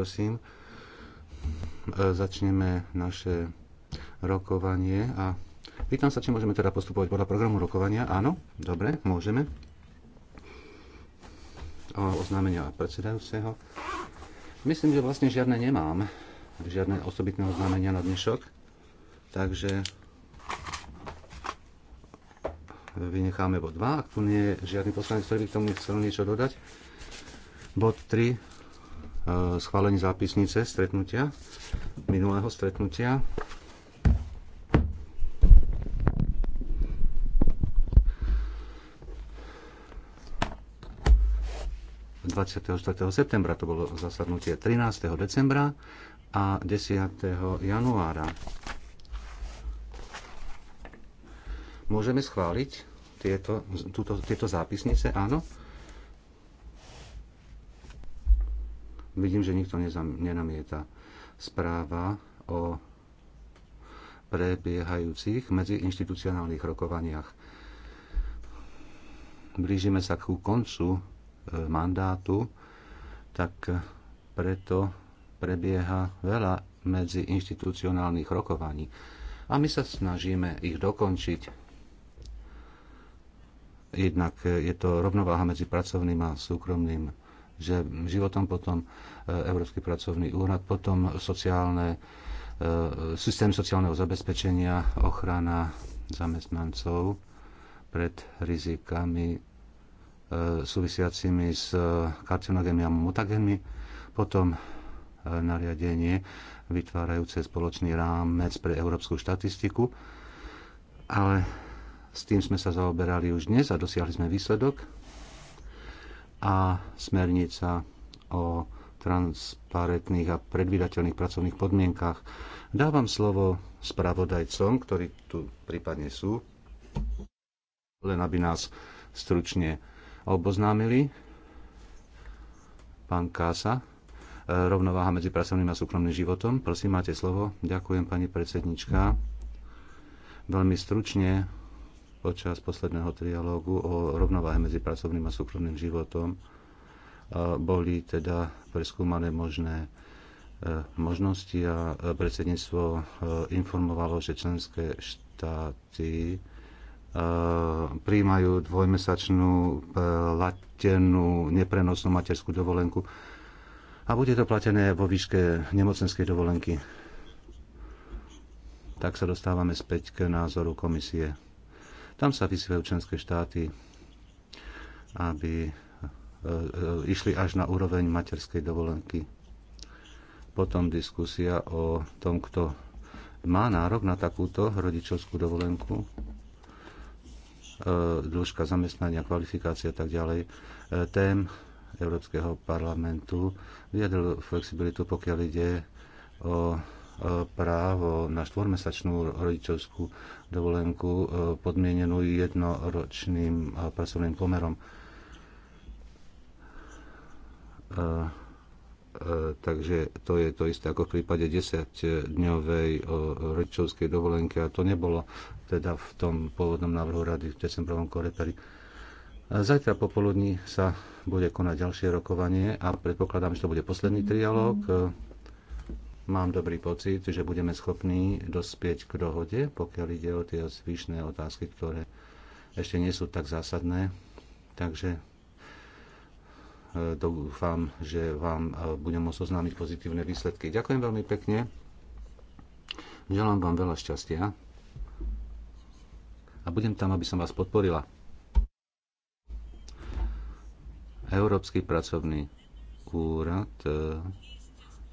Prosím, e, začneme naše rokovanie a pýtam sa, či môžeme teda postupovať podľa programu rokovania. Áno, dobre, môžeme. O oznámenia predsedajúceho. Myslím, že vlastne žiadne nemám, žiadne osobitné oznámenia na dnešok, takže vynecháme bod 2, ak tu nie je žiadny poslanec, ktorý by k tomu chcel niečo dodať. Bod 3 E, schválení zápisnice stretnutia, minulého stretnutia. septembra to bolo zasadnutie 13. decembra a 10. januára. Môžeme schváliť tieto, túto, tieto zápisnice? Áno. Vidím, že nikto nenamieta. Správa o prebiehajúcich medziinstitucionálnych rokovaniach. Blížime sa ku koncu e, mandátu, tak preto prebieha veľa medziinstitucionálnych rokovaní. A my sa snažíme ich dokončiť. Jednak je to rovnováha medzi pracovným a súkromným že životom, potom e, Európsky pracovný úrad, potom sociálne, e, systém sociálneho zabezpečenia, ochrana zamestnancov pred rizikami e, súvisiacimi s karcinogénmi a mutagénmi, potom nariadenie vytvárajúce spoločný rámec pre európsku štatistiku, ale s tým sme sa zaoberali už dnes a dosiahli sme výsledok a smernica o transparentných a predvydateľných pracovných podmienkách. Dávam slovo spravodajcom, ktorí tu prípadne sú, len aby nás stručne oboznámili. Pán Kása, rovnováha medzi pracovným a súkromným životom. Prosím, máte slovo. Ďakujem, pani predsednička. Veľmi stručne počas posledného trialógu o rovnováhe medzi pracovným a súkromným životom boli teda preskúmané možné e, možnosti a predsedníctvo e, informovalo, že členské štáty e, príjmajú dvojmesačnú latenú neprenosnú materskú dovolenku a bude to platené vo výške nemocenskej dovolenky. Tak sa dostávame späť k názoru komisie. Tam sa vyzývajú členské štáty, aby e, e, išli až na úroveň materskej dovolenky. Potom diskusia o tom, kto má nárok na takúto rodičovskú dovolenku, e, dĺžka zamestnania, kvalifikácia a tak ďalej. Tém Európskeho parlamentu vyjadril flexibilitu, pokiaľ ide o právo na štvormesačnú rodičovskú dovolenku e, podmienenú jednoročným e, pracovným pomerom. E, takže to je to isté ako v prípade 10-dňovej rodičovskej dovolenky a to nebolo teda v tom pôvodnom návrhu rady v decembrovom koreperi. Zajtra popoludní sa bude konať ďalšie rokovanie a predpokladám, že to bude posledný trialóg. Mám dobrý pocit, že budeme schopní dospieť k dohode, pokiaľ ide o tie zvyšné otázky, ktoré ešte nie sú tak zásadné. Takže e, dúfam, že vám e, budem môcť oznámiť pozitívne výsledky. Ďakujem veľmi pekne. Želám vám veľa šťastia. A budem tam, aby som vás podporila. Európsky pracovný úrad e,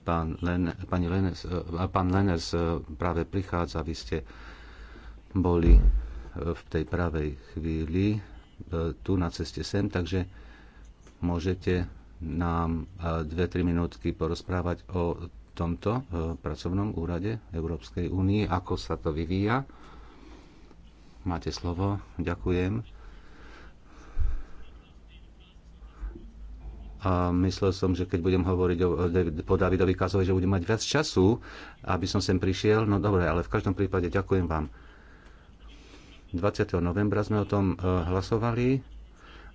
Pán, Len, pani eh, Leners, pán eh, Lenes práve prichádza, vy ste boli eh, v tej pravej chvíli tu na ceste sem, takže môžete nám dve-tri minútky porozprávať o tomto pracovnom úrade Európskej únie, ako sa to vyvíja. Máte slovo, ďakujem. a myslel som, že keď budem hovoriť o, po Davidovi Kazovi, že budem mať viac času, aby som sem prišiel. No dobre, ale v každom prípade ďakujem vám. 20. novembra sme o tom e, hlasovali.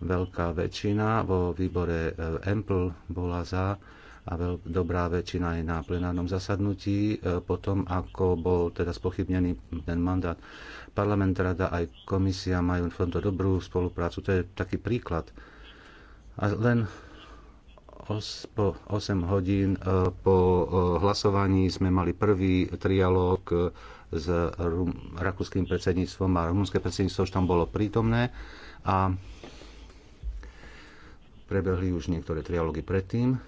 Veľká väčšina vo výbore e, EMPL bola za a veľ, dobrá väčšina je na plenárnom zasadnutí e, po tom, ako bol teda spochybnený ten mandát. Parlament, rada aj komisia majú v tomto dobrú spoluprácu. To je taký príklad. A len po 8 hodín e, po e, hlasovaní sme mali prvý trialóg e, s rakúskym predsedníctvom a rumunské predsedníctvo už tam bolo prítomné a prebehli už niektoré trialógy predtým.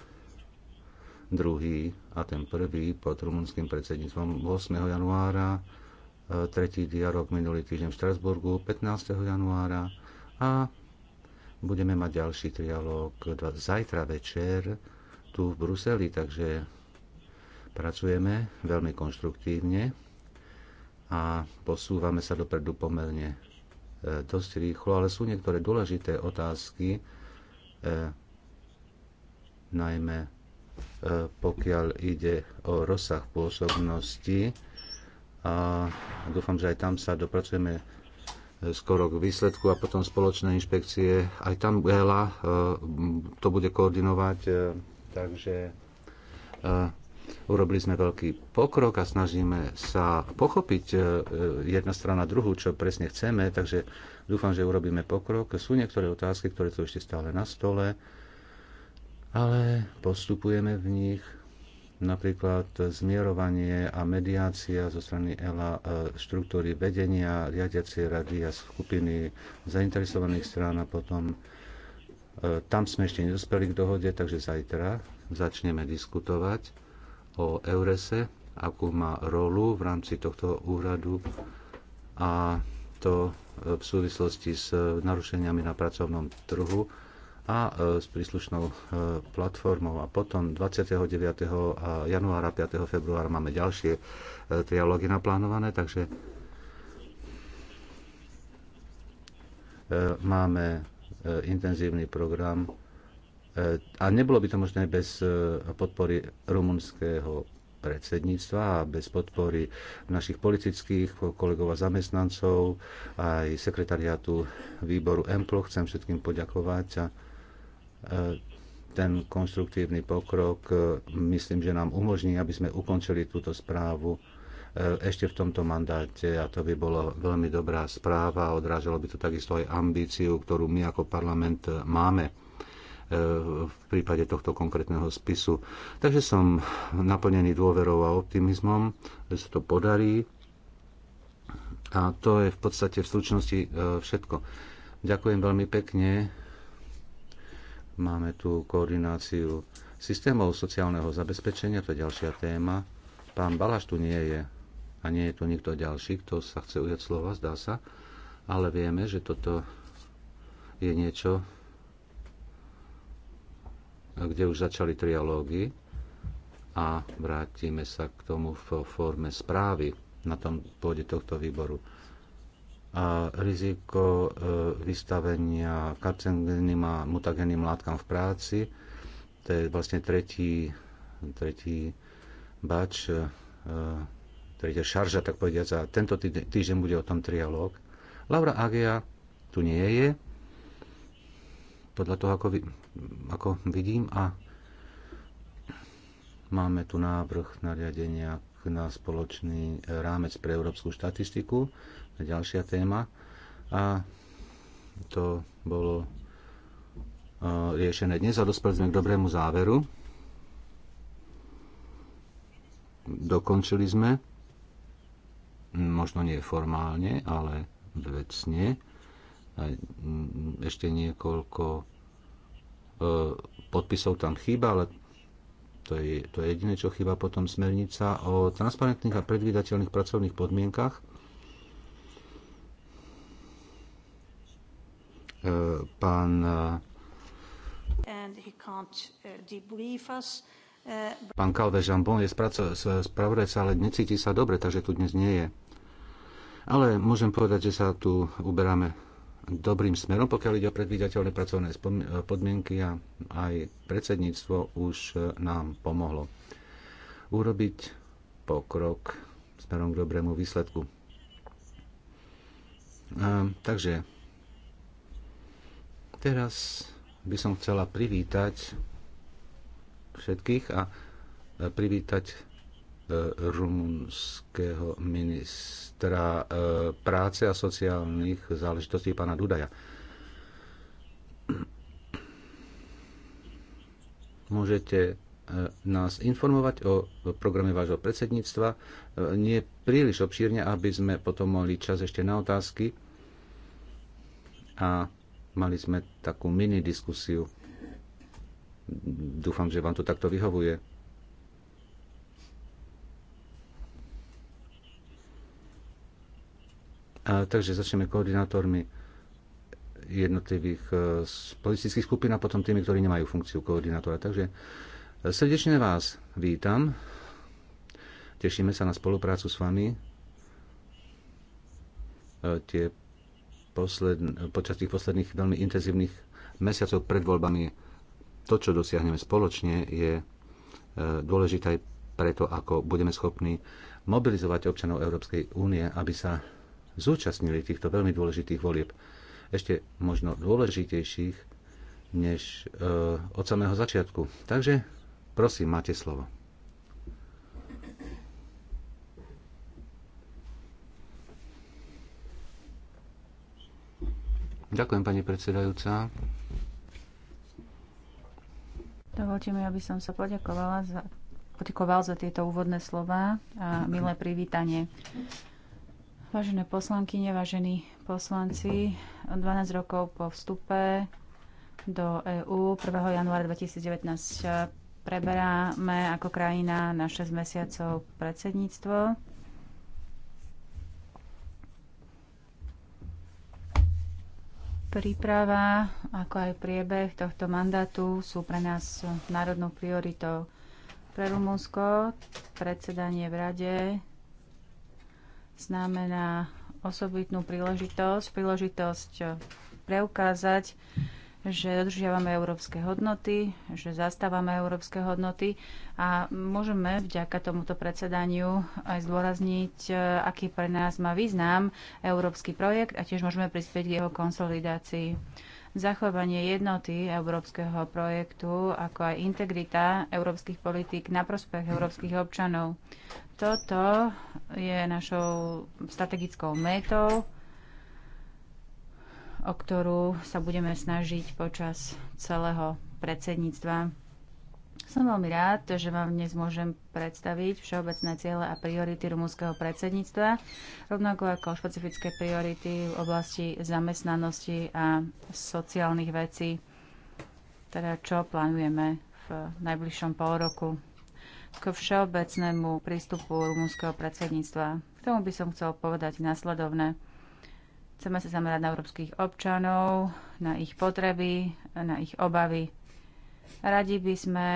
Druhý a ten prvý pod rumunským predsedníctvom 8. januára, tretí dialog minulý týždeň v Štrasburgu 15. januára a Budeme mať ďalší trialóg zajtra večer tu v Bruseli, takže pracujeme veľmi konštruktívne a posúvame sa dopredu pomerne e, dosť rýchlo, ale sú niektoré dôležité otázky, e, najmä e, pokiaľ ide o rozsah pôsobnosti. A dúfam, že aj tam sa dopracujeme skoro k výsledku a potom spoločné inšpekcie. Aj tam ELA e, to bude koordinovať, e, takže e, urobili sme veľký pokrok a snažíme sa pochopiť jedna strana druhú, čo presne chceme, takže dúfam, že urobíme pokrok. Sú niektoré otázky, ktoré sú ešte stále na stole, ale postupujeme v nich napríklad zmierovanie a mediácia zo strany ELA, e, štruktúry vedenia, riadiacie rady a skupiny zainteresovaných strán a potom e, tam sme ešte nedospeli k dohode, takže zajtra začneme diskutovať o Eurese, akú má rolu v rámci tohto úradu a to v súvislosti s narušeniami na pracovnom trhu a e, s príslušnou e, platformou. A potom 29. E, januára, 5. februára máme ďalšie trialógy naplánované, takže máme intenzívny program a nebolo by to možné bez podpory rumunského predsedníctva a bez podpory našich politických kolegov a zamestnancov aj sekretariátu výboru EMPLO. Chcem všetkým poďakovať a ten konstruktívny pokrok e, myslím, že nám umožní, aby sme ukončili túto správu e, ešte v tomto mandáte a to by bolo veľmi dobrá správa a odrážalo by to takisto aj ambíciu, ktorú my ako parlament máme e, v prípade tohto konkrétneho spisu. Takže som naplnený dôverou a optimizmom, že sa to podarí a to je v podstate v slučnosti všetko. Ďakujem veľmi pekne Máme tu koordináciu systémov sociálneho zabezpečenia, to je ďalšia téma. Pán Balaš tu nie je a nie je tu nikto ďalší, kto sa chce ujať slova, zdá sa. Ale vieme, že toto je niečo, kde už začali trialógy a vrátime sa k tomu v forme správy na tom pôde tohto výboru a riziko e, vystavenia karcinogénnym a mutagénnym látkam v práci. To je vlastne tretí, tretí bač, e, tretia šarža, tak povediať. A tento týždeň bude o tom trialóg. Laura Agia tu nie je, podľa toho, ako, vi, ako vidím. A máme tu návrh nariadenia na spoločný rámec pre európsku štatistiku ďalšia téma a to bolo e, riešené dnes a dospeli sme k dobrému záveru. Dokončili sme, možno nie formálne, ale vecne, ešte niekoľko e, podpisov tam chýba, ale to je, to je jediné, čo chýba potom smernica o transparentných a predvídateľných pracovných podmienkach Eh, pán eh, eh, Pán Calvé Jambon je spravodajca, ale necíti sa dobre, takže tu dnes nie je. Ale môžem povedať, že sa tu uberáme dobrým smerom, pokiaľ ide o predvídateľné pracovné podmienky a aj predsedníctvo už nám pomohlo urobiť pokrok smerom k dobrému výsledku. takže Teraz by som chcela privítať všetkých a e, privítať e, rumunského ministra e, práce a sociálnych záležitostí pána Dudaja. Môžete nás informovať o programe vášho predsedníctva. Nie príliš obšírne, aby sme potom mohli čas ešte na otázky. A Mali sme takú mini diskusiu. Dúfam, že vám to takto vyhovuje. A, takže začneme koordinátormi jednotlivých z eh, politických skupín a potom tými, ktorí nemajú funkciu koordinátora. Takže eh, srdečne vás vítam. Tešíme sa na spoluprácu s vami. Eh, tie posledn- počas tých posledných veľmi intenzívnych mesiacov pred voľbami to, čo dosiahneme spoločne, je e, dôležité aj preto, ako budeme schopní mobilizovať občanov Európskej únie, aby sa zúčastnili týchto veľmi dôležitých volieb. Ešte možno dôležitejších než e, od samého začiatku. Takže prosím, máte slovo. Ďakujem, pani predsedajúca. Dovolte mi, aby som sa poďakovala za, poďakoval za tieto úvodné slova a milé privítanie. Vážené poslankyne, vážení poslanci, 12 rokov po vstupe do EÚ 1. januára 2019 preberáme ako krajina na 6 mesiacov predsedníctvo. Príprava, ako aj priebeh tohto mandátu sú pre nás národnou prioritou. Pre Rumunsko predsedanie v rade znamená osobitnú príležitosť, príležitosť preukázať, že dodržiavame európske hodnoty, že zastávame európske hodnoty a môžeme vďaka tomuto predsedaniu aj zdôrazniť, e, aký pre nás má význam európsky projekt a tiež môžeme prispieť k jeho konsolidácii. Zachovanie jednoty európskeho projektu, ako aj integrita európskych politík na prospech európskych občanov. Toto je našou strategickou métou o ktorú sa budeme snažiť počas celého predsedníctva. Som veľmi rád, že vám dnes môžem predstaviť všeobecné ciele a priority rumúnskeho predsedníctva, rovnako ako špecifické priority v oblasti zamestnanosti a sociálnych vecí, teda čo plánujeme v najbližšom pol roku k všeobecnému prístupu rumúnskeho predsedníctva. K tomu by som chcel povedať následovné. Chceme sa zamerať na európskych občanov, na ich potreby, na ich obavy. Radi by sme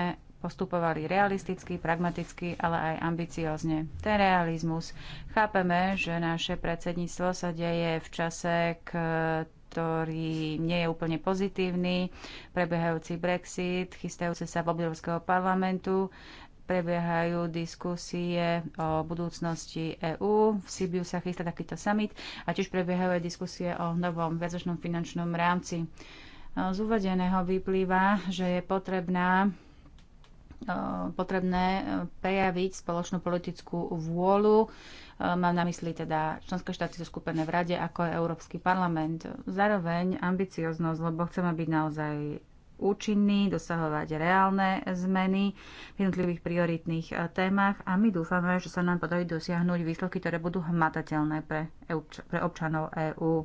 postupovali realisticky, pragmaticky, ale aj ambiciozne. Ten realizmus. Chápeme, že naše predsedníctvo sa deje v čase, ktorý nie je úplne pozitívny, prebiehajúci Brexit, chystajúce sa v obrovského parlamentu, prebiehajú diskusie o budúcnosti EÚ. V Sibiu sa chystá takýto summit a tiež prebiehajú aj diskusie o novom väzočnom finančnom rámci. E, z uvedeného vyplýva, že je potrebná e, potrebné e, prejaviť spoločnú politickú vôľu. Mám na mysli teda členské štáty sú skupené v Rade, ako je Európsky parlament. Zároveň ambicioznosť, lebo chceme byť naozaj účinný, dosahovať reálne zmeny v jednotlivých prioritných e, témach a my dúfame, že sa nám podarí dosiahnuť výsledky, ktoré budú hmatateľné pre, pre občanov EÚ.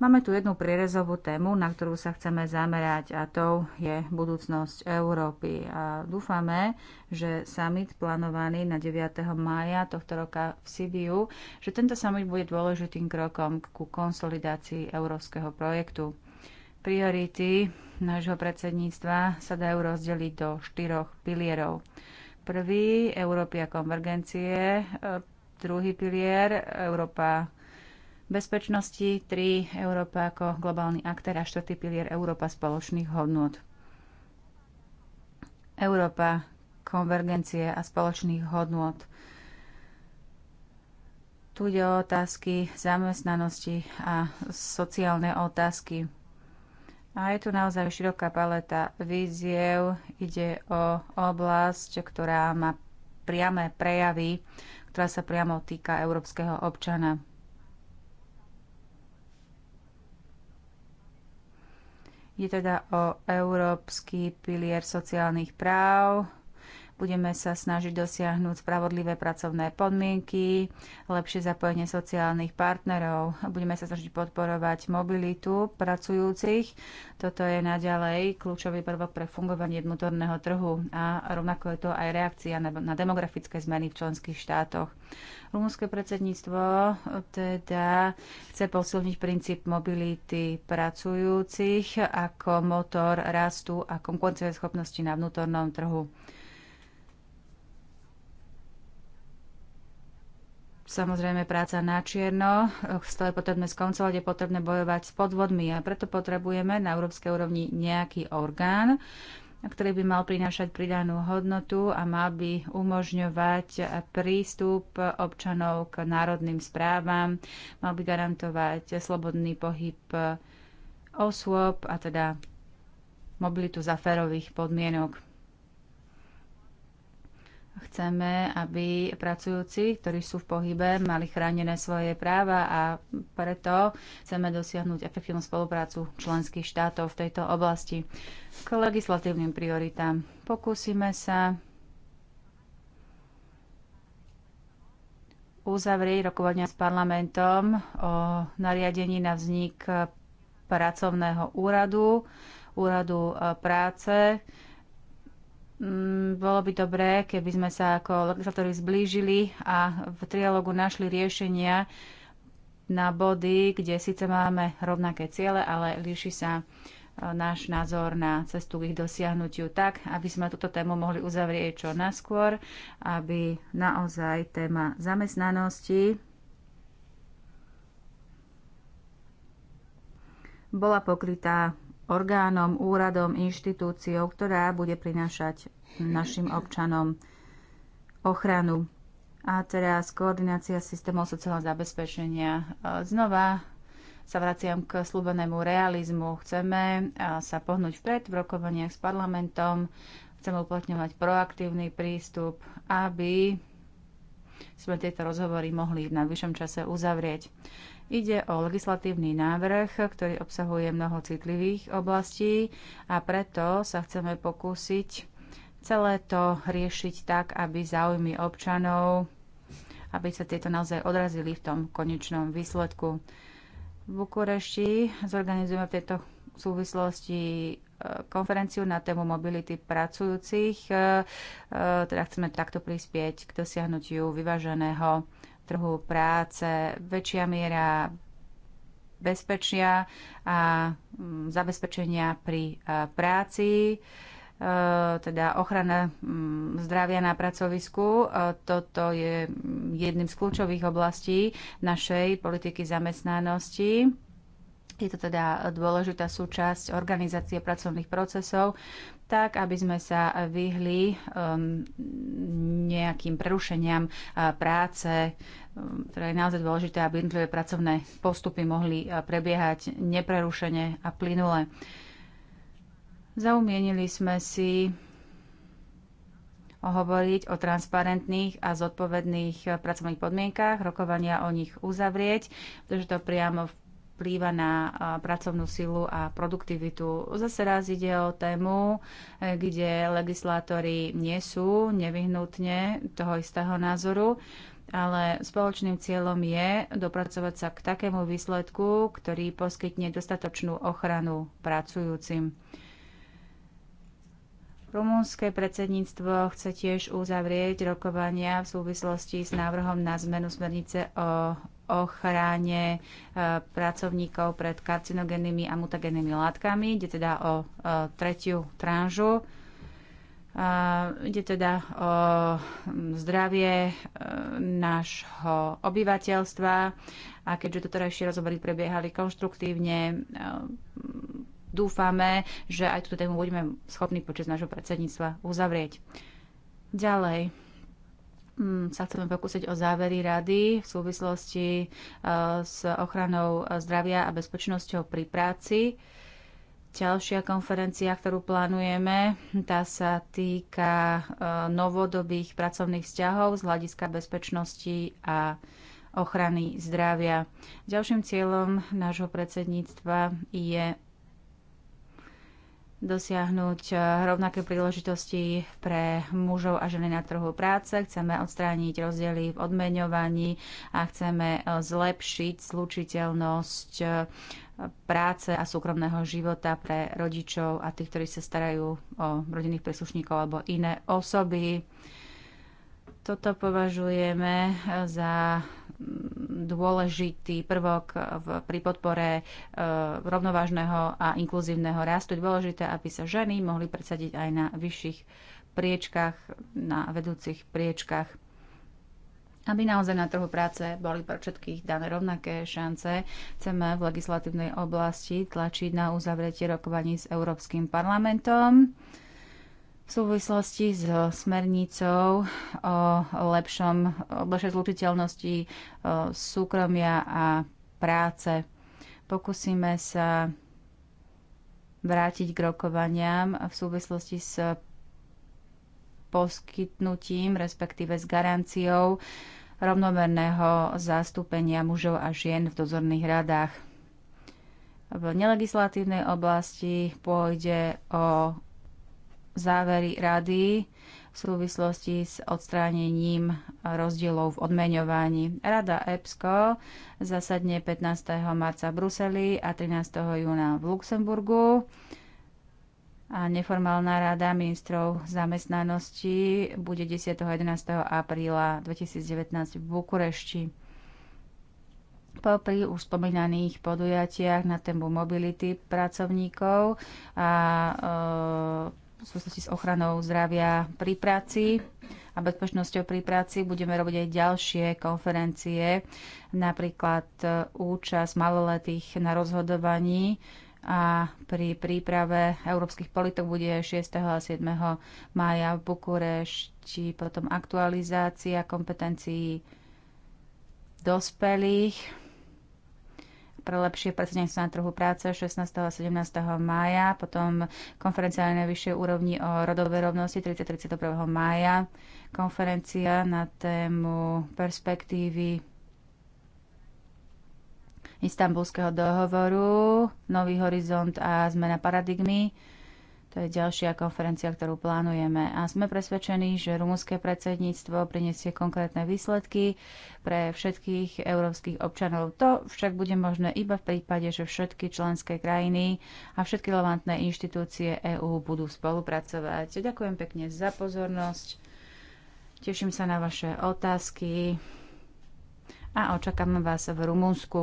Máme tu jednu prierezovú tému, na ktorú sa chceme zamerať a to je budúcnosť Európy. A dúfame, že summit plánovaný na 9. mája tohto roka v Sibiu, že tento summit bude dôležitým krokom ku konsolidácii európskeho projektu. Priority nášho predsedníctva sa dajú rozdeliť do štyroch pilierov. Prvý a konvergencie, e, druhý pilier Európa bezpečnosti, tri Európa ako globálny aktér a štvrtý pilier Európa spoločných hodnot. Európa konvergencie a spoločných hodnot. Tu ide o otázky zamestnanosti a sociálne otázky. A je tu naozaj široká paleta víziev. Ide o oblasť, ktorá má priame prejavy, ktorá sa priamo týka európskeho občana. Je teda o európsky pilier sociálnych práv, Budeme sa snažiť dosiahnuť spravodlivé pracovné podmienky, lepšie zapojenie sociálnych partnerov. Budeme sa snažiť podporovať mobilitu pracujúcich. Toto je naďalej kľúčový prvok pre fungovanie vnútorného trhu a rovnako je to aj reakcia na, demografické zmeny v členských štátoch. Rumunské predsedníctvo teda chce posilniť princíp mobility pracujúcich ako motor rastu a konkurencieschopnosti na vnútornom trhu. Samozrejme, práca na čierno, stále eh, je potrebné skoncovať, je potrebné bojovať s podvodmi a preto potrebujeme na európskej úrovni nejaký orgán, ktorý by mal prinášať pridanú hodnotu a mal by umožňovať prístup občanov k národným správam, mal by garantovať slobodný pohyb eh, osôb a teda mobilitu za férových podmienok. Chceme, aby pracujúci, ktorí sú v pohybe, mali chránené svoje práva a preto chceme dosiahnuť efektívnu spoluprácu členských štátov v tejto oblasti. K legislatívnym prioritám pokúsime sa uzavrieť rokovania s parlamentom o nariadení na vznik pracovného úradu, úradu e, práce, Mm, bolo by dobré, keby sme sa ako legislatóri zblížili a v trialogu našli riešenia na body, kde síce máme rovnaké ciele, ale líši sa e, náš názor na cestu k ich dosiahnutiu tak, aby sme túto tému mohli uzavrieť čo naskôr, aby naozaj téma zamestnanosti bola pokrytá orgánom, úradom, inštitúciou, ktorá bude prinášať našim občanom ochranu. A teraz koordinácia systémov sociálneho zabezpečenia. E, Znova sa vraciam k slúbenému realizmu. Chceme e, sa pohnúť vpred v rokovaniach s parlamentom, chceme uplatňovať proaktívny prístup, aby sme tieto rozhovory mohli v najvyššom čase uzavrieť. Ide o legislatívny návrh, ktorý obsahuje mnoho citlivých oblastí a preto sa chceme pokúsiť celé to riešiť tak, aby záujmy občanov, aby sa tieto naozaj odrazili v tom konečnom výsledku. V Bukurešti zorganizujeme v tejto súvislosti e, konferenciu na tému mobility pracujúcich. E, e, teda chceme takto prispieť k dosiahnutiu vyváženého trhu práce, väčšia miera bezpečia a mm, zabezpečenia pri práci e, teda ochrana mm, zdravia na pracovisku. E, toto je mm, jedným z kľúčových oblastí našej politiky zamestnanosti je to teda dôležitá súčasť organizácie pracovných procesov, tak aby sme sa vyhli um, nejakým prerušeniam uh, práce. Um, ktoré je naozaj dôležité, aby jednotlivé pracovné postupy mohli uh, prebiehať neprerušene a plynule. Zaumienili sme si hovoriť o transparentných a zodpovedných uh, pracovných podmienkách, rokovania o nich uzavrieť, pretože to priamo vplýva na pracovnú silu a produktivitu. Zase raz ide o tému, e, kde legislátori nie sú nevyhnutne toho istého názoru, ale spoločným cieľom je dopracovať sa k takému výsledku, ktorý poskytne dostatočnú ochranu pracujúcim. Rumunské predsedníctvo chce tiež uzavrieť rokovania v súvislosti s návrhom na zmenu smernice o ochrane e, pracovníkov pred karcinogennými a mutagennými látkami. Ide teda o e, tretiu tranžu. E, ide teda o zdravie nášho obyvateľstva a keďže doterajšie rozhovory prebiehali konštruktívne, dúfame, že aj túto tému budeme schopní počas nášho predsedníctva uzavrieť. Ďalej. Mm, sa chceme pokúsiť o závery rady v súvislosti eh, s ochranou zdravia a bezpečnosťou pri práci. Ďalšia konferencia, ktorú plánujeme, tá sa týka eh, novodobých pracovných vzťahov z hľadiska bezpečnosti a ochrany zdravia. Ďalším cieľom nášho predsedníctva je dosiahnuť eh, rovnaké príležitosti pre mužov a ženy na trhu práce. Chceme odstrániť rozdiely v odmeňovaní a chceme eh, zlepšiť slučiteľnosť eh, práce a súkromného života pre rodičov a tých, ktorí sa starajú o rodinných príslušníkov alebo iné osoby. Toto považujeme eh, za mm, dôležitý prvok v, pri podpore e, rovnovážneho a inkluzívneho rastu. Dôležité, aby sa ženy mohli predsadiť aj na vyšších priečkách, na vedúcich priečkách aby naozaj na trhu práce boli pre všetkých dané rovnaké šance. Chceme v legislatívnej oblasti tlačiť na uzavretie rokovaní s Európskym parlamentom. E, v súvislosti s smernicou o lepšom, lepšej zlučiteľnosti e, súkromia a práce. Pokúsime sa vrátiť k rokovaniam v súvislosti s poskytnutím, respektíve s garanciou rovnomerného zastúpenia mužov a žien v dozorných radách. V nelegislatívnej oblasti pôjde o závery rady v súvislosti s odstránením rozdielov v odmeňovaní. Rada EPSCO zasadne 15. marca v Bruseli a 13. júna v Luxemburgu. A neformálna rada ministrov zamestnanosti bude 10. a 11. apríla 2019 v Bukurešti. Popri už spomínaných podujatiach na tému mobility pracovníkov a e, v súvislosti s ochranou zdravia pri práci a bezpečnosťou pri práci. Budeme robiť aj ďalšie konferencie, napríklad e, účasť maloletých na rozhodovaní a pri príprave európskych politok bude 6. a 7. mája v Bukurešti, potom aktualizácia kompetencií dospelých pre lepšie predsedníctvo na trhu práce 16. a 17. mája, potom konferencia na najvyššej úrovni o rodovej rovnosti 30. 31. mája, konferencia na tému perspektívy istambulského dohovoru, Nový horizont a zmena paradigmy to je ďalšia konferencia, ktorú plánujeme. A sme presvedčení, že rumúnske predsedníctvo priniesie konkrétne výsledky pre všetkých európskych občanov. To však bude možné iba v prípade, že všetky členské krajiny a všetky relevantné inštitúcie EÚ budú spolupracovať. Ďakujem pekne za pozornosť. Teším sa na vaše otázky a očakávam vás v Rumunsku.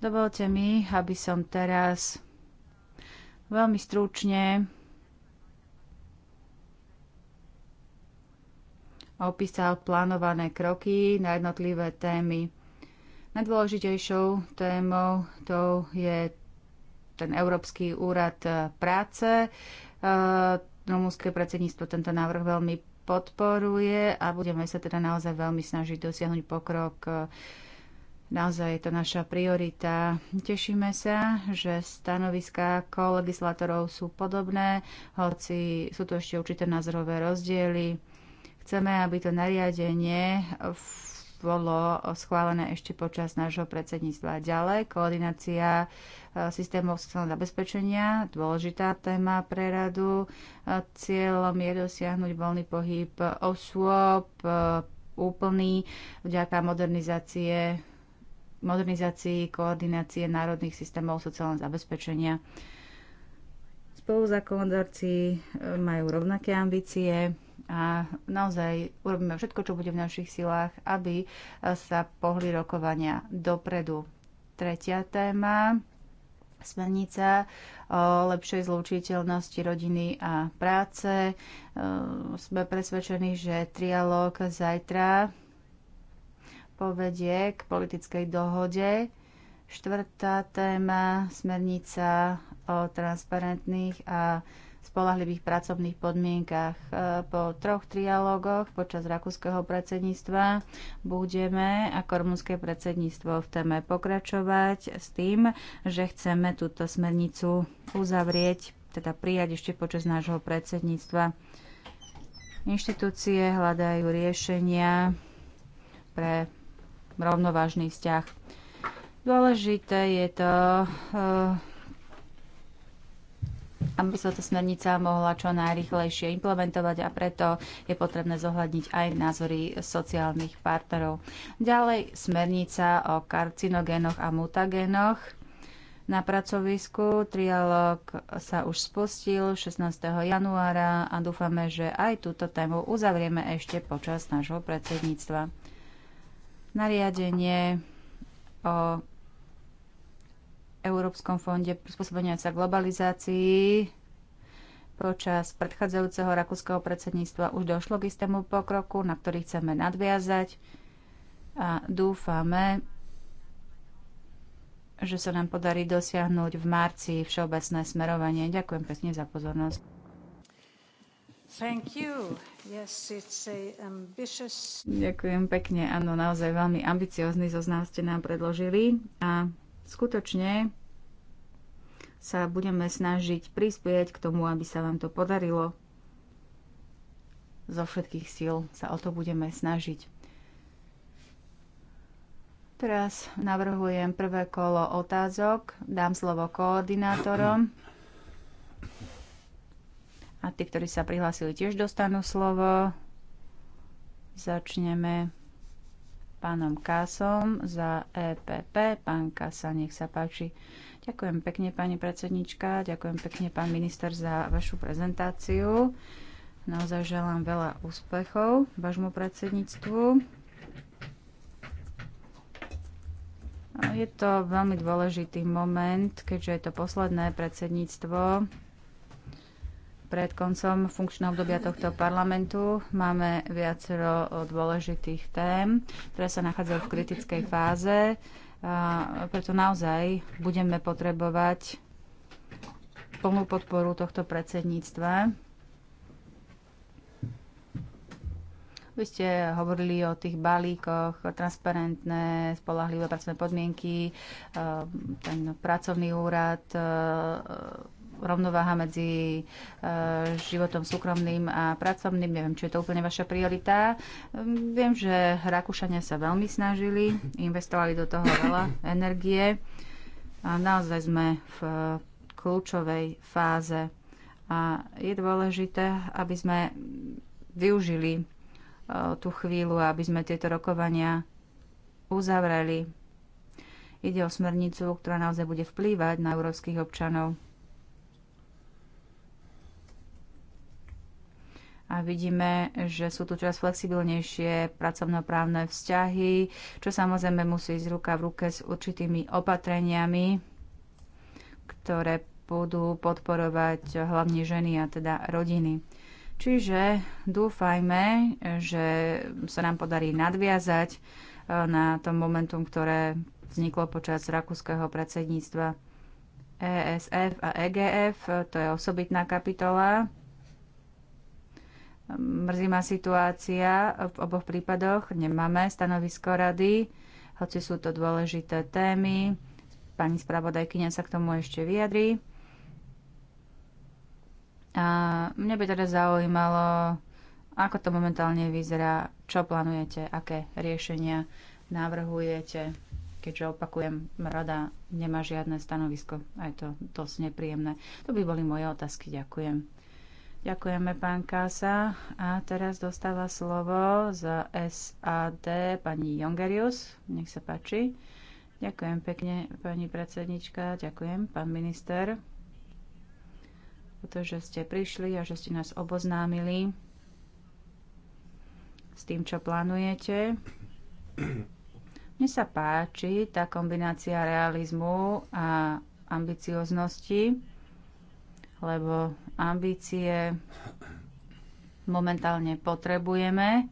Dovolte mi, aby som teraz veľmi stručne opísal plánované kroky na jednotlivé témy. Najdôležitejšou témou to je ten Európsky úrad práce. E, rumúnske predsedníctvo tento návrh veľmi podporuje a budeme sa teda naozaj veľmi snažiť dosiahnuť pokrok. Naozaj je to naša priorita. Tešíme sa, že stanoviská kolegislátorov sú podobné, hoci sú tu ešte určité názorové rozdiely. Chceme, aby to nariadenie eh, bolo schválené ešte počas nášho predsedníctva. Ďalej, koordinácia eh, systémov sociálneho zabezpečenia, dôležitá téma pre radu. Eh, cieľom je dosiahnuť voľný pohyb osôb, úplný vďaka modernizácie modernizácii koordinácie národných systémov sociálneho zabezpečenia. Spoluzákonodárci majú rovnaké ambície a naozaj urobíme všetko, čo bude v našich silách, aby sa pohli rokovania dopredu. Tretia téma smernica o lepšej zlučiteľnosti rodiny a práce. E, sme presvedčení, že trialóg zajtra povedie k politickej dohode. Štvrtá téma, smernica o transparentných a spolahlivých pracovných podmienkach. E, po troch trialógoch počas rakúskeho predsedníctva budeme ako rumunské predsedníctvo v téme pokračovať s tým, že chceme túto smernicu uzavrieť, teda prijať ešte počas nášho predsedníctva. Inštitúcie hľadajú riešenia pre rovnovážny vzťah. Dôležité je to e, aby sa tá smernica mohla čo najrychlejšie implementovať a preto je potrebné zohľadniť aj názory sociálnych partnerov. Ďalej smernica o karcinogénoch a mutagénoch. Na pracovisku trialog sa už spustil 16. januára a dúfame, že aj túto tému uzavrieme ešte počas nášho predsedníctva. Nariadenie o Európskom fonde prispôsobenia sa globalizácii počas predchádzajúceho rakúskeho predsedníctva už došlo k istému pokroku, na ktorý chceme nadviazať a dúfame, že sa nám podarí dosiahnuť v marci všeobecné smerovanie. Ďakujem pekne za pozornosť. Thank you. Yes, it's a ambitious... Ďakujem pekne. Áno, naozaj veľmi ambiciózny zoznam ste nám predložili a Skutočne sa budeme snažiť prispieť k tomu, aby sa vám to podarilo. Zo všetkých síl sa o to budeme snažiť. Teraz navrhujem prvé kolo otázok. Dám slovo koordinátorom. A tí, ktorí sa prihlásili, tiež dostanú slovo. Začneme pánom Kásom za EPP. Pán Kasa, nech sa páči. Ďakujem pekne, pani predsednička, ďakujem pekne, pán minister, za vašu prezentáciu. Naozaj želám veľa úspechov vášmu predsedníctvu. Je to veľmi dôležitý moment, keďže je to posledné predsedníctvo pred koncom funkčného obdobia tohto parlamentu máme viacero eh, dôležitých tém, ktoré sa nachádzajú v kritickej fáze. A preto naozaj budeme potrebovať plnú podporu tohto predsedníctva. Vy ste hovorili o tých balíkoch, transparentné, spolahlivé pracovné podmienky, eh, ten pracovný úrad, eh, rovnováha medzi eh, životom súkromným a pracovným. Neviem, či je to úplne vaša priorita. Mm, viem, že Rakúšania sa veľmi snažili, investovali do toho veľa energie a naozaj sme v kľúčovej fáze. A je dôležité, aby sme využili eh, tú chvíľu, aby sme tieto rokovania uzavreli. Ide o smernicu, ktorá naozaj bude vplývať na európskych občanov. a vidíme, že sú tu čoraz flexibilnejšie pracovnoprávne vzťahy, čo samozrejme musí ísť ruka v ruke s určitými opatreniami, ktoré budú podporovať hlavne ženy a teda rodiny. Čiže dúfajme, že sa nám podarí nadviazať e, na tom momentum, ktoré vzniklo počas rakúskeho predsedníctva ESF a EGF. To je osobitná kapitola Mrzí ma situácia v oboch prípadoch. Nemáme stanovisko rady, hoci sú to dôležité témy. Pani spravodajkyňa sa k tomu ešte vyjadrí. A mne by teda zaujímalo, ako to momentálne vyzerá, čo plánujete, aké riešenia navrhujete, keďže opakujem, rada nemá žiadne stanovisko a je to dosť nepríjemné. To by boli moje otázky. Ďakujem. Ďakujeme, pán Kása A teraz dostáva slovo z SAD pani Jongerius. Nech sa páči. Ďakujem pekne, pani predsednička. Ďakujem, pán minister, pretože ste prišli a že ste nás oboznámili s tým, čo plánujete. Mne sa páči tá kombinácia realizmu a ambicioznosti lebo ambície momentálne potrebujeme,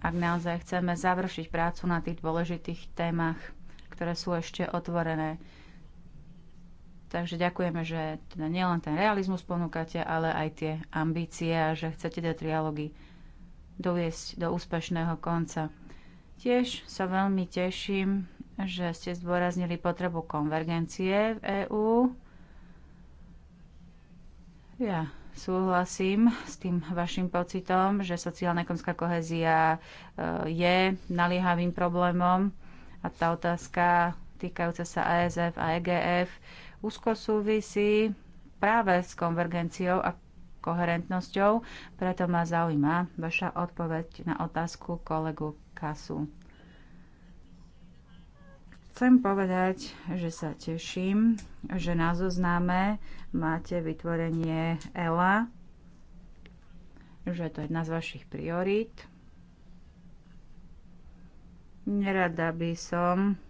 ak naozaj chceme završiť prácu na tých dôležitých témach, ktoré sú ešte otvorené. Takže ďakujeme, že teda nielen ten realizmus ponúkate, ale aj tie ambície a že chcete tie trialógy doviesť do úspešného konca. Tiež sa veľmi teším, že ste zdôraznili potrebu konvergencie v EÚ ja súhlasím s tým vašim pocitom, že sociálna ekonomická kohezia e, je naliehavým problémom a tá otázka týkajúca sa ASF a EGF e úzko súvisí práve s konvergenciou a koherentnosťou, preto ma zaujíma vaša odpoveď na otázku kolegu Kasu. Chcem povedať, že sa teším, že na zozname máte vytvorenie ELA, že to je jedna z vašich priorít. Nerada by som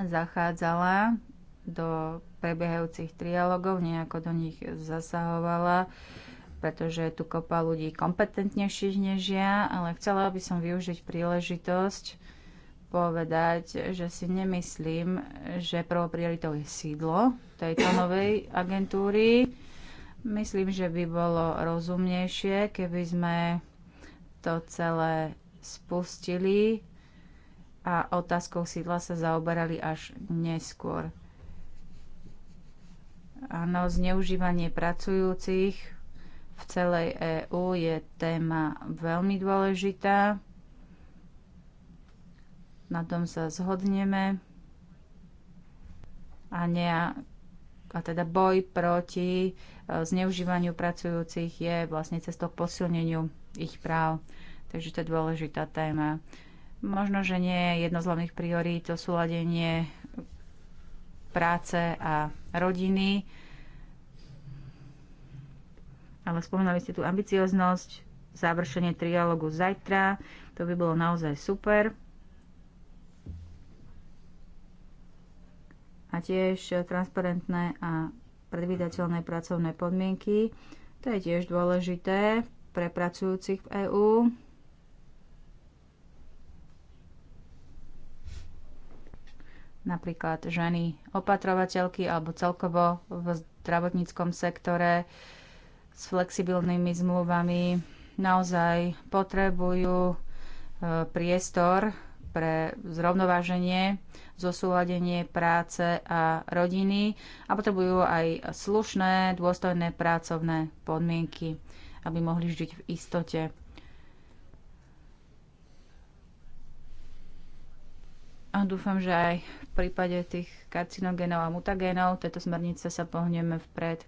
zachádzala do prebiehajúcich trialogov, nejako do nich zasahovala, pretože je tu kopa ľudí kompetentnejších než ja, ale chcela by som využiť príležitosť povedať, že si nemyslím, že prvou prioritou je sídlo tejto novej agentúry. Myslím, že by bolo rozumnejšie, keby sme to celé spustili a otázkou sídla sa zaoberali až neskôr. Áno, zneužívanie pracujúcich v celej EÚ je téma veľmi dôležitá na tom sa zhodneme a, ne, a teda boj proti e, zneužívaniu pracujúcich je vlastne cestou k posilneniu ich práv. Takže to je dôležitá téma. Možno, že nie jedno z hlavných priorít to súladenie práce a rodiny, ale spomínali ste tú ambicioznosť, završenie trialógu zajtra, to by bolo naozaj super. a tiež transparentné a predvídateľné pracovné podmienky. To je tiež dôležité pre pracujúcich v EÚ. Napríklad ženy opatrovateľky alebo celkovo v zdravotníckom sektore s flexibilnými zmluvami naozaj potrebujú e, priestor pre zrovnováženie zosúladenie práce a rodiny a potrebujú aj slušné, dôstojné pracovné podmienky, aby mohli žiť v istote. A dúfam, že aj v prípade tých karcinogénov a mutagénov tejto smernice sa pohneme vpred.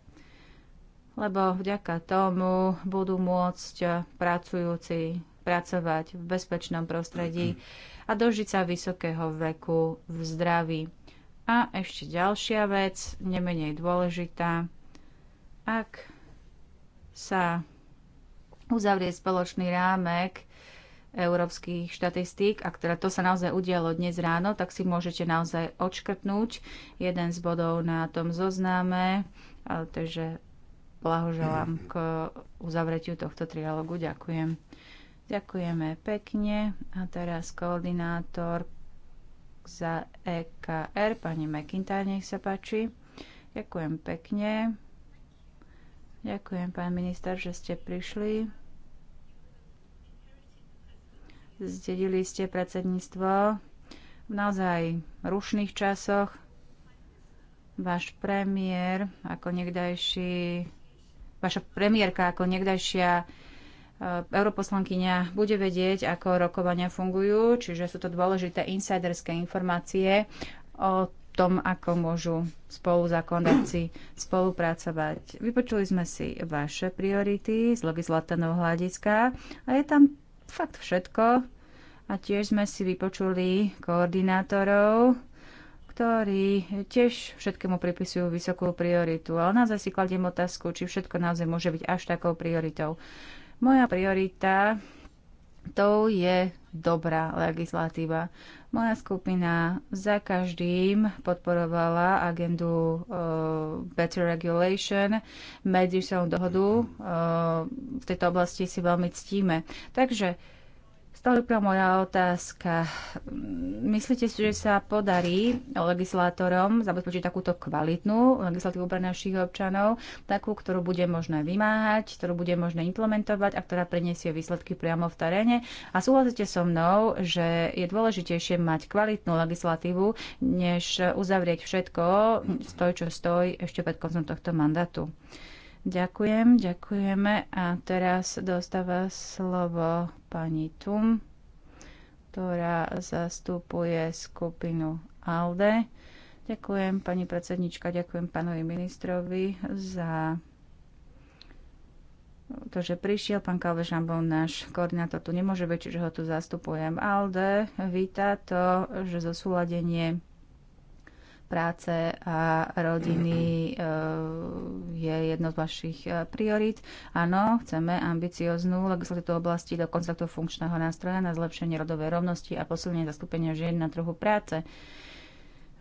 Lebo vďaka tomu budú môcť pracujúci pracovať v bezpečnom prostredí a dožiť sa vysokého veku v zdraví. A ešte ďalšia vec, nemenej dôležitá, ak sa uzavrie spoločný rámek európskych štatistík, a ktoré teda to sa naozaj udialo dnes ráno, tak si môžete naozaj odškrtnúť jeden z bodov na tom zozname. Takže blahoželám k uzavretiu tohto trialógu. Ďakujem. Ďakujeme pekne. A teraz koordinátor za EKR, pani McIntyre, nech sa páči. Ďakujem pekne. Ďakujem, pán minister, že ste prišli. Zdedili ste predsedníctvo v naozaj rušných časoch. Váš premiér ako niekdajší, vaša premiérka ako niekdajšia E, europoslankyňa bude vedieť, ako rokovania fungujú, čiže sú to dôležité insiderské informácie o tom, ako môžu spolu zákonodarci spolupracovať. Vypočuli sme si vaše priority z legislatívneho hľadiska a je tam fakt všetko. A tiež sme si vypočuli koordinátorov, ktorí tiež všetkému pripisujú vysokú prioritu. Ale naozaj si kladiem otázku, či všetko naozaj môže byť až takou prioritou. Moja priorita to je dobrá legislatíva. Moja skupina za každým podporovala agendu uh, Better Regulation, medzišľovnú dohodu. Uh, v tejto oblasti si veľmi ctíme. Takže Stále moja otázka. Myslíte si, že sa podarí legislátorom zabezpečiť takúto kvalitnú legislatívu pre našich občanov, takú, ktorú bude možné vymáhať, ktorú bude možné implementovať a ktorá priniesie výsledky priamo v teréne? A súhlasíte so mnou, že je dôležitejšie mať kvalitnú legislatívu, než uzavrieť všetko, stoj čo stoj, ešte pred koncom tohto mandátu. Ďakujem, ďakujeme. A teraz dostáva slovo pani Tum, ktorá zastupuje skupinu ALDE. Ďakujem, pani predsednička, ďakujem pánovi ministrovi za to, že prišiel pán Kalveš bol náš koordinátor tu nemôže byť, čiže ho tu zastupujem. ALDE víta to, že súladenie práce a rodiny e, je jedno z vašich e, priorit. Áno, chceme ambicioznú legislatívu oblasti do konceptu funkčného nástroja na zlepšenie rodovej rovnosti a posilnenie zastúpenia žien na trhu práce.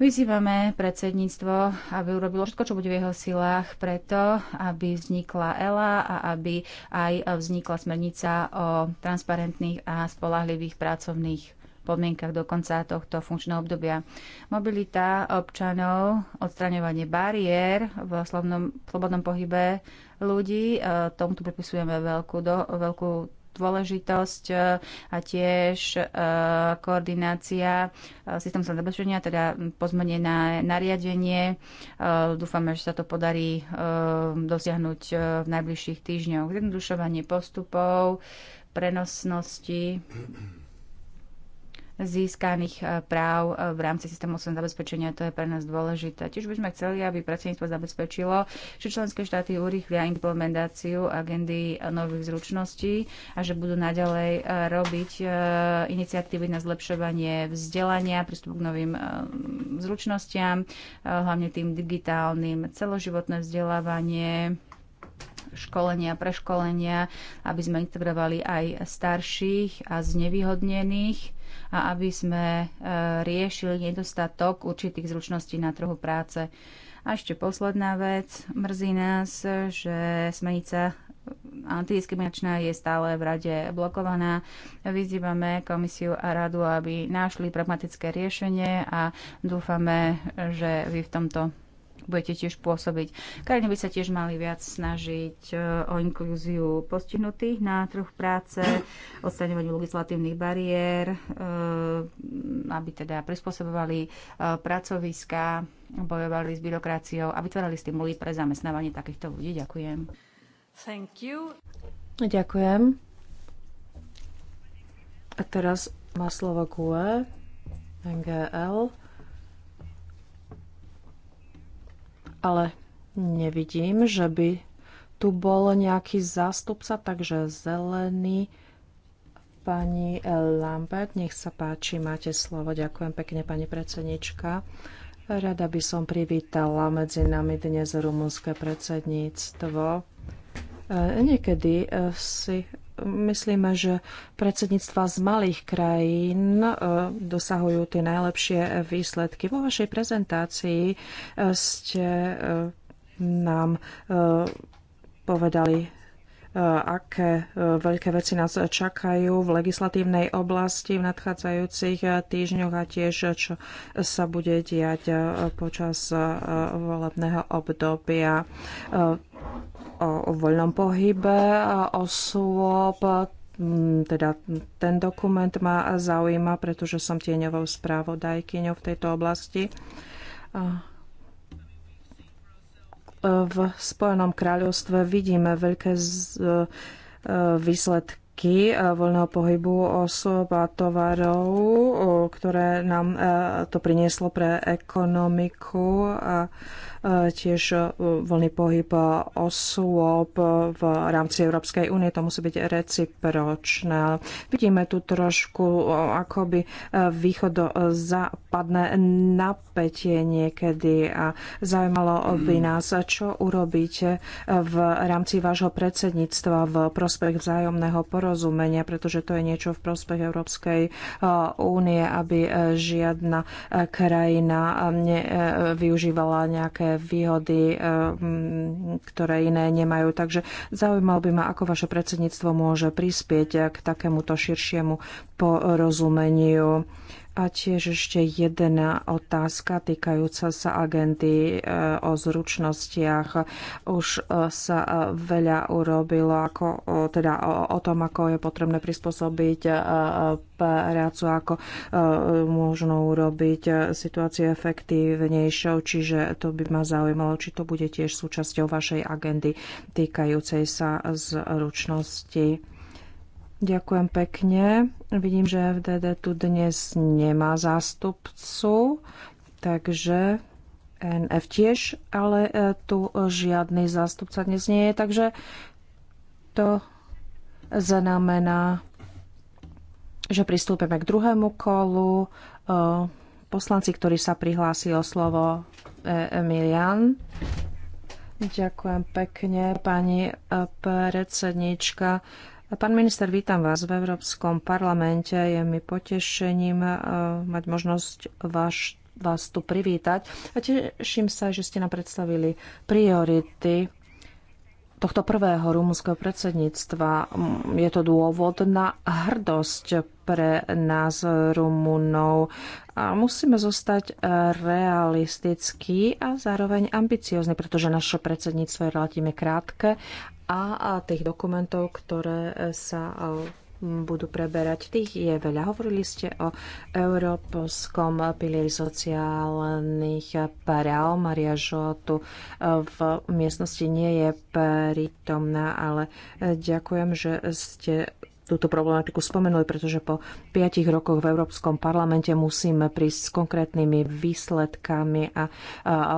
Vyzývame predsedníctvo, aby urobilo všetko, čo bude v jeho silách, preto, aby vznikla ELA a aby aj vznikla smernica o transparentných a spolahlivých pracovných podmienkach do konca tohto funkčného obdobia. Mobilita občanov, odstraňovanie bariér v slobodnom, slobodnom pohybe ľudí, e, tomuto pripisujeme veľkú, do, veľkú dôležitosť e, a tiež e, koordinácia systému zabezpečenia, teda pozmenené nariadenie. Dúfame, že sa to podarí dosiahnuť v najbližších týždňoch. Zjednodušovanie postupov, prenosnosti získaných eh, práv eh, v rámci systému sociálneho zabezpečenia. To je pre nás dôležité. Tiež by sme chceli, aby predsedníctvo zabezpečilo, že členské štáty urýchlia implementáciu agendy eh, nových zručností a že budú naďalej robiť iniciatívy na zlepšovanie vzdelania, prístup k novým zručnostiam, hlavne tým digitálnym, celoživotné vzdelávanie školenia, preškolenia, aby sme integrovali aj starších a znevýhodnených a aby sme e, riešili nedostatok určitých zručností na trhu práce. A ešte posledná vec. Mrzí nás, že smenica e, antidiskriminačná je stále v rade blokovaná. Vyzývame komisiu a radu, aby našli pragmatické riešenie a dúfame, že vy v tomto budete tiež pôsobiť. Krajiny by sa tiež mali viac snažiť e, o inklúziu postihnutých na trh práce, odstraňovanie legislatívnych bariér, e, aby teda prispôsobovali e, pracoviska, bojovali s byrokraciou a vytvárali stimuly pre zamestnávanie takýchto ľudí. Ďakujem. Thank you. Ďakujem. A teraz má slovo QE, NGL. ale nevidím, že by tu bol nejaký zástupca, takže zelený pani eh, Lambert, nech sa páči, máte slovo. Ďakujem pekne, pani predsednička. Rada by som privítala medzi nami dnes rumunské predsedníctvo. Eh, niekedy eh, si myslíme, že predsedníctva z malých krajín e, dosahujú tie najlepšie výsledky. Vo vašej prezentácii e, ste e, nám povedali E, aké e, veľké veci nás čakajú v legislatívnej oblasti v nadchádzajúcich e, týždňoch a tiež čo sa bude diať počas volebného obdobia o voľnom pohybe osôb, mm, teda ten dokument ma zaujíma, pretože som tieňovou správodajkyňou v tejto oblasti v Spojenom kráľovstve vidíme veľké e, e, výsledky e, voľného pohybu osôb a tovarov, ktoré nám to prinieslo pre ekonomiku a tiež e, voľný pohyb osôb v rámci Európskej únie. To musí byť recipročné. Vidíme tu trošku e, akoby e, východo-západné napätie niekedy a zaujímalo by nás, čo urobíte v rámci vášho predsedníctva v prospech vzájomného porozumenia, pretože to je niečo v prospech Európskej únie, aby žiadna krajina nevyužívala nejaké výhody, eh, ktoré iné nemajú. Takže zaujímal by ma, ako vaše predsedníctvo môže prispieť k takémuto širšiemu porozumeniu. A tiež ešte jedna otázka týkajúca sa agendy e, o zručnostiach. Už e, sa e, veľa urobilo ako, teda o, o tom, ako je potrebné prispôsobiť prácu, ako možno urobiť situáciu efektívnejšou. Čiže to by ma zaujímalo, či to bude tiež súčasťou vašej agendy týkajúcej sa zručnosti. Ďakujem pekne. Vidím, že FDD tu dnes nemá zástupcu, takže NF tiež, ale e, tu žiadny zástupca dnes nie je, takže to znamená, že pristúpime k druhému kolu. E, poslanci, ktorí sa prihlási o slovo e, Emilian. Ďakujem pekne, pani predsednička. Pán minister, vítam vás v Európskom parlamente. Je mi potešením e, mať možnosť vás, vás tu privítať. A teším sa, že ste nám predstavili priority tohto prvého rumúnskeho predsedníctva. Je to dôvod na hrdosť pre nás Rumunov. A musíme zostať realistickí a zároveň ambiciozni, pretože naše predsedníctvo je relatívne krátke a tých dokumentov, ktoré e, sa e, budú preberať. Tých je veľa. Hovorili ste o európskom pilieri sociálnych parál. Maria Žotu e, v miestnosti nie je prítomná, ale ďakujem, že ste túto problematiku spomenuli, pretože po piatich rokoch v Európskom parlamente musíme prísť s konkrétnymi výsledkami a, a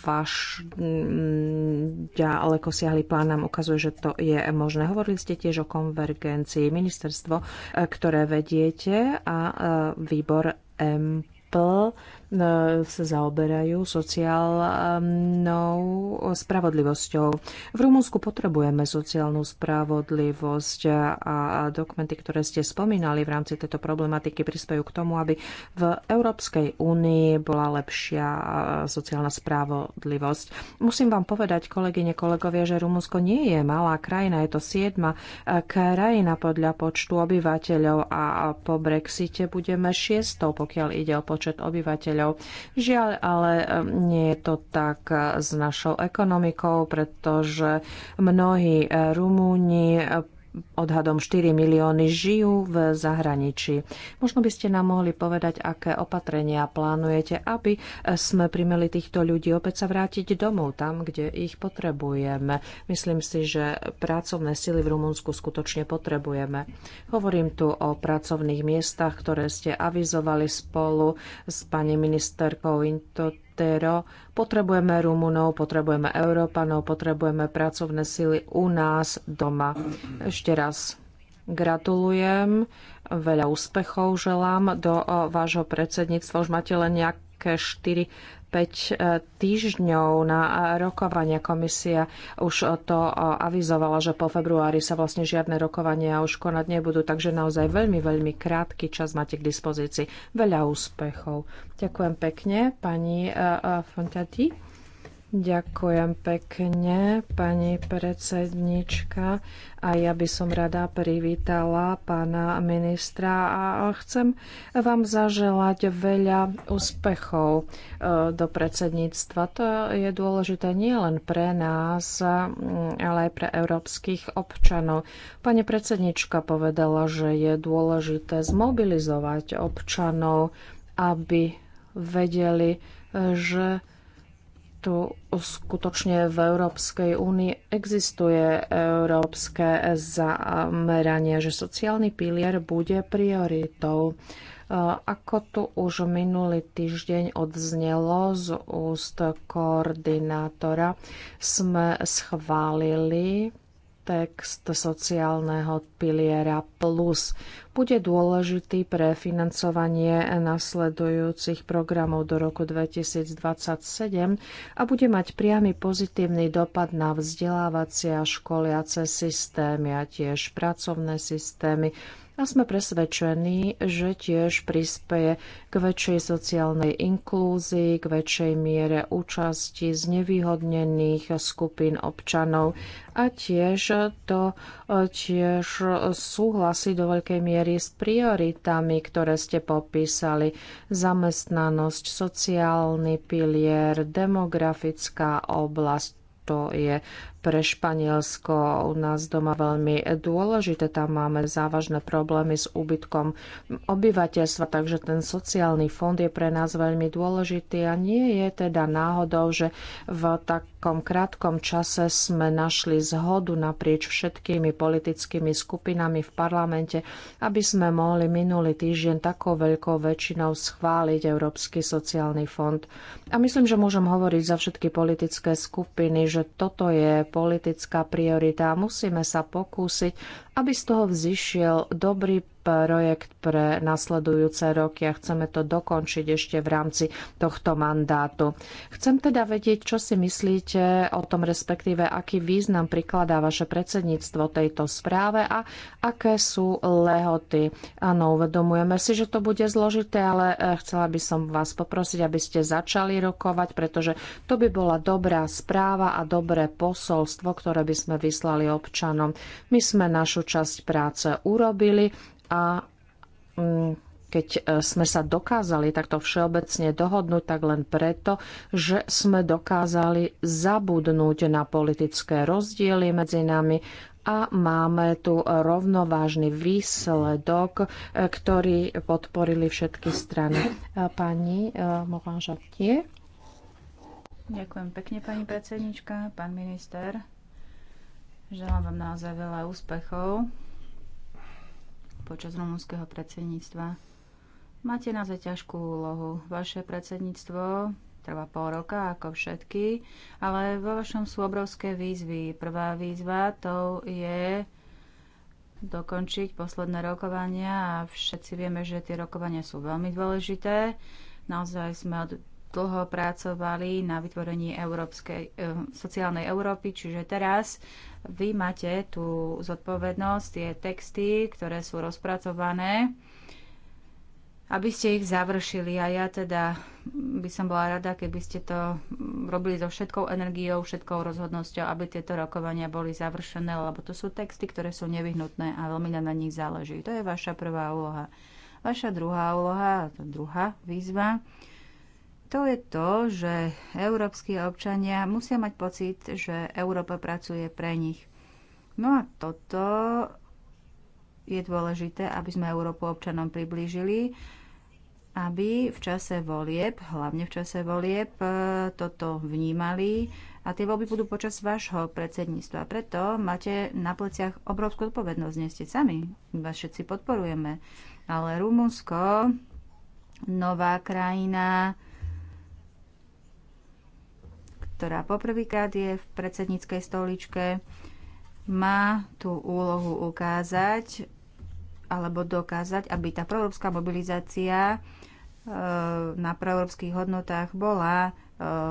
váš mm, ďaleko siahly plán nám ukazuje, že to je možné. Hovorili ste tiež o konvergencii. Ministerstvo, e, ktoré vediete a e, výbor MPL. E, sa zaoberajú sociálnou spravodlivosťou. V Rumunsku potrebujeme sociálnu spravodlivosť a dokumenty, ktoré ste spomínali v rámci tejto problematiky, prispejú k tomu, aby v Európskej únii bola lepšia e, sociálna spravodlivosť. Musím vám povedať, kolegyne, kolegovia, že Rumunsko nie je malá krajina, je to siedma e, krajina podľa počtu obyvateľov a po Brexite budeme šiestou, pokiaľ ide o počet obyvateľov spotrebiteľov. Žiaľ, ale nie je to tak eh, s našou ekonomikou, pretože mnohí eh, Rumúni eh, odhadom 4 milióny žijú v zahraničí. Možno by ste nám mohli povedať, aké opatrenia plánujete, aby sme primeli týchto ľudí opäť sa vrátiť domov, tam, kde ich potrebujeme. Myslím si, že pracovné sily v Rumunsku skutočne potrebujeme. Hovorím tu o pracovných miestach, ktoré ste avizovali spolu s pani ministerkou Intot Montero. Potrebujeme Rumunov, potrebujeme Európanov, potrebujeme pracovné sily u nás doma. Ešte raz gratulujem, veľa úspechov želám do vášho predsedníctva. Už máte len nejaké 4 5 eh, týždňov na eh, rokovania. Komisia už eh, to avizovala, že po februári sa vlastne žiadne rokovania už konať nebudú, takže naozaj veľmi, veľmi krátky čas máte k dispozícii. Veľa úspechov. Ďakujem pekne, pani Fontati. Ďakujem pekne, pani predsednička. A ja by som rada privítala pána ministra a chcem vám zaželať veľa úspechov e, do predsedníctva. To je dôležité nielen pre nás, mm, ale aj pre európskych občanov. Pani predsednička povedala, že je dôležité zmobilizovať občanov, aby vedeli, že tu skutočne v Európskej únii existuje európske zameranie, že sociálny pilier bude prioritou. Ako tu už minulý týždeň odznelo z úst koordinátora, sme schválili text sociálneho piliera plus bude dôležitý pre financovanie nasledujúcich programov do roku 2027 a bude mať priamy pozitívny dopad na vzdelávacie a školiace systémy a tiež pracovné systémy a sme presvedčení, že tiež prispieje k väčšej sociálnej inklúzii, k väčšej miere účasti znevýhodnených skupín občanov a tiež to e, tiež súhlasí do veľkej miery s prioritami, ktoré ste popísali. Zamestnanosť, sociálny pilier, demografická oblasť, to je pre Španielsko u nás doma veľmi dôležité. Tam máme závažné problémy s úbytkom obyvateľstva, takže ten sociálny fond je pre nás veľmi dôležitý a nie je teda náhodou, že v takom krátkom čase sme našli zhodu naprieč všetkými politickými skupinami v parlamente, aby sme mohli minulý týždeň takou veľkou väčšinou schváliť Európsky sociálny fond. A myslím, že môžem hovoriť za všetky politické skupiny, že toto je politická priorita a musíme sa pokúsiť aby z toho vzýšiel dobrý projekt pre nasledujúce roky a chceme to dokončiť ešte v rámci tohto mandátu. Chcem teda vedieť, čo si myslíte o tom, respektíve aký význam prikladá vaše predsedníctvo tejto správe a aké sú lehoty. Áno, uvedomujeme si, že to bude zložité, ale e, chcela by som vás poprosiť, aby ste začali rokovať, pretože to by bola dobrá správa a dobré posolstvo, ktoré by sme vyslali občanom. My sme našu časť práce urobili a mm, keď e, sme sa dokázali takto všeobecne dohodnúť, tak len preto, že sme dokázali zabudnúť na politické rozdiely medzi nami a máme tu rovnovážny výsledok, e, ktorý podporili všetky strany. E, pani Moranžatie. Ďakujem pekne, pani predsednička, pán minister. Želám vám naozaj veľa úspechov počas rumúnskeho predsedníctva. Máte naozaj ťažkú úlohu. Vaše predsedníctvo trvá pol roka, ako všetky, ale vo vašom sú obrovské výzvy. Prvá výzva to je dokončiť posledné rokovania a všetci vieme, že tie rokovania sú veľmi dôležité. Naozaj sme od dlho pracovali na vytvorení Európskej, e, sociálnej Európy, čiže teraz vy máte tú zodpovednosť, tie texty, ktoré sú rozpracované, aby ste ich završili. A ja teda by som bola rada, keby ste to robili so všetkou energiou, všetkou rozhodnosťou, aby tieto rokovania boli završené, lebo to sú texty, ktoré sú nevyhnutné a veľmi na nich záleží. To je vaša prvá úloha. Vaša druhá úloha, druhá výzva, to je to, že európsky občania musia mať pocit, že Európa pracuje pre nich. No a toto je dôležité, aby sme Európu občanom priblížili, aby v čase volieb, hlavne v čase volieb, e, toto vnímali a tie voľby budú počas vášho predsedníctva. Preto máte na pleciach obrovskú odpovednosť, nie ste sami, vás všetci podporujeme. Ale Rumunsko, nová krajina, ktorá poprvýkrát je v predsedníckej stoličke, má tú úlohu ukázať alebo dokázať, aby tá proeurópska mobilizácia e, na proeurópskych hodnotách bola e,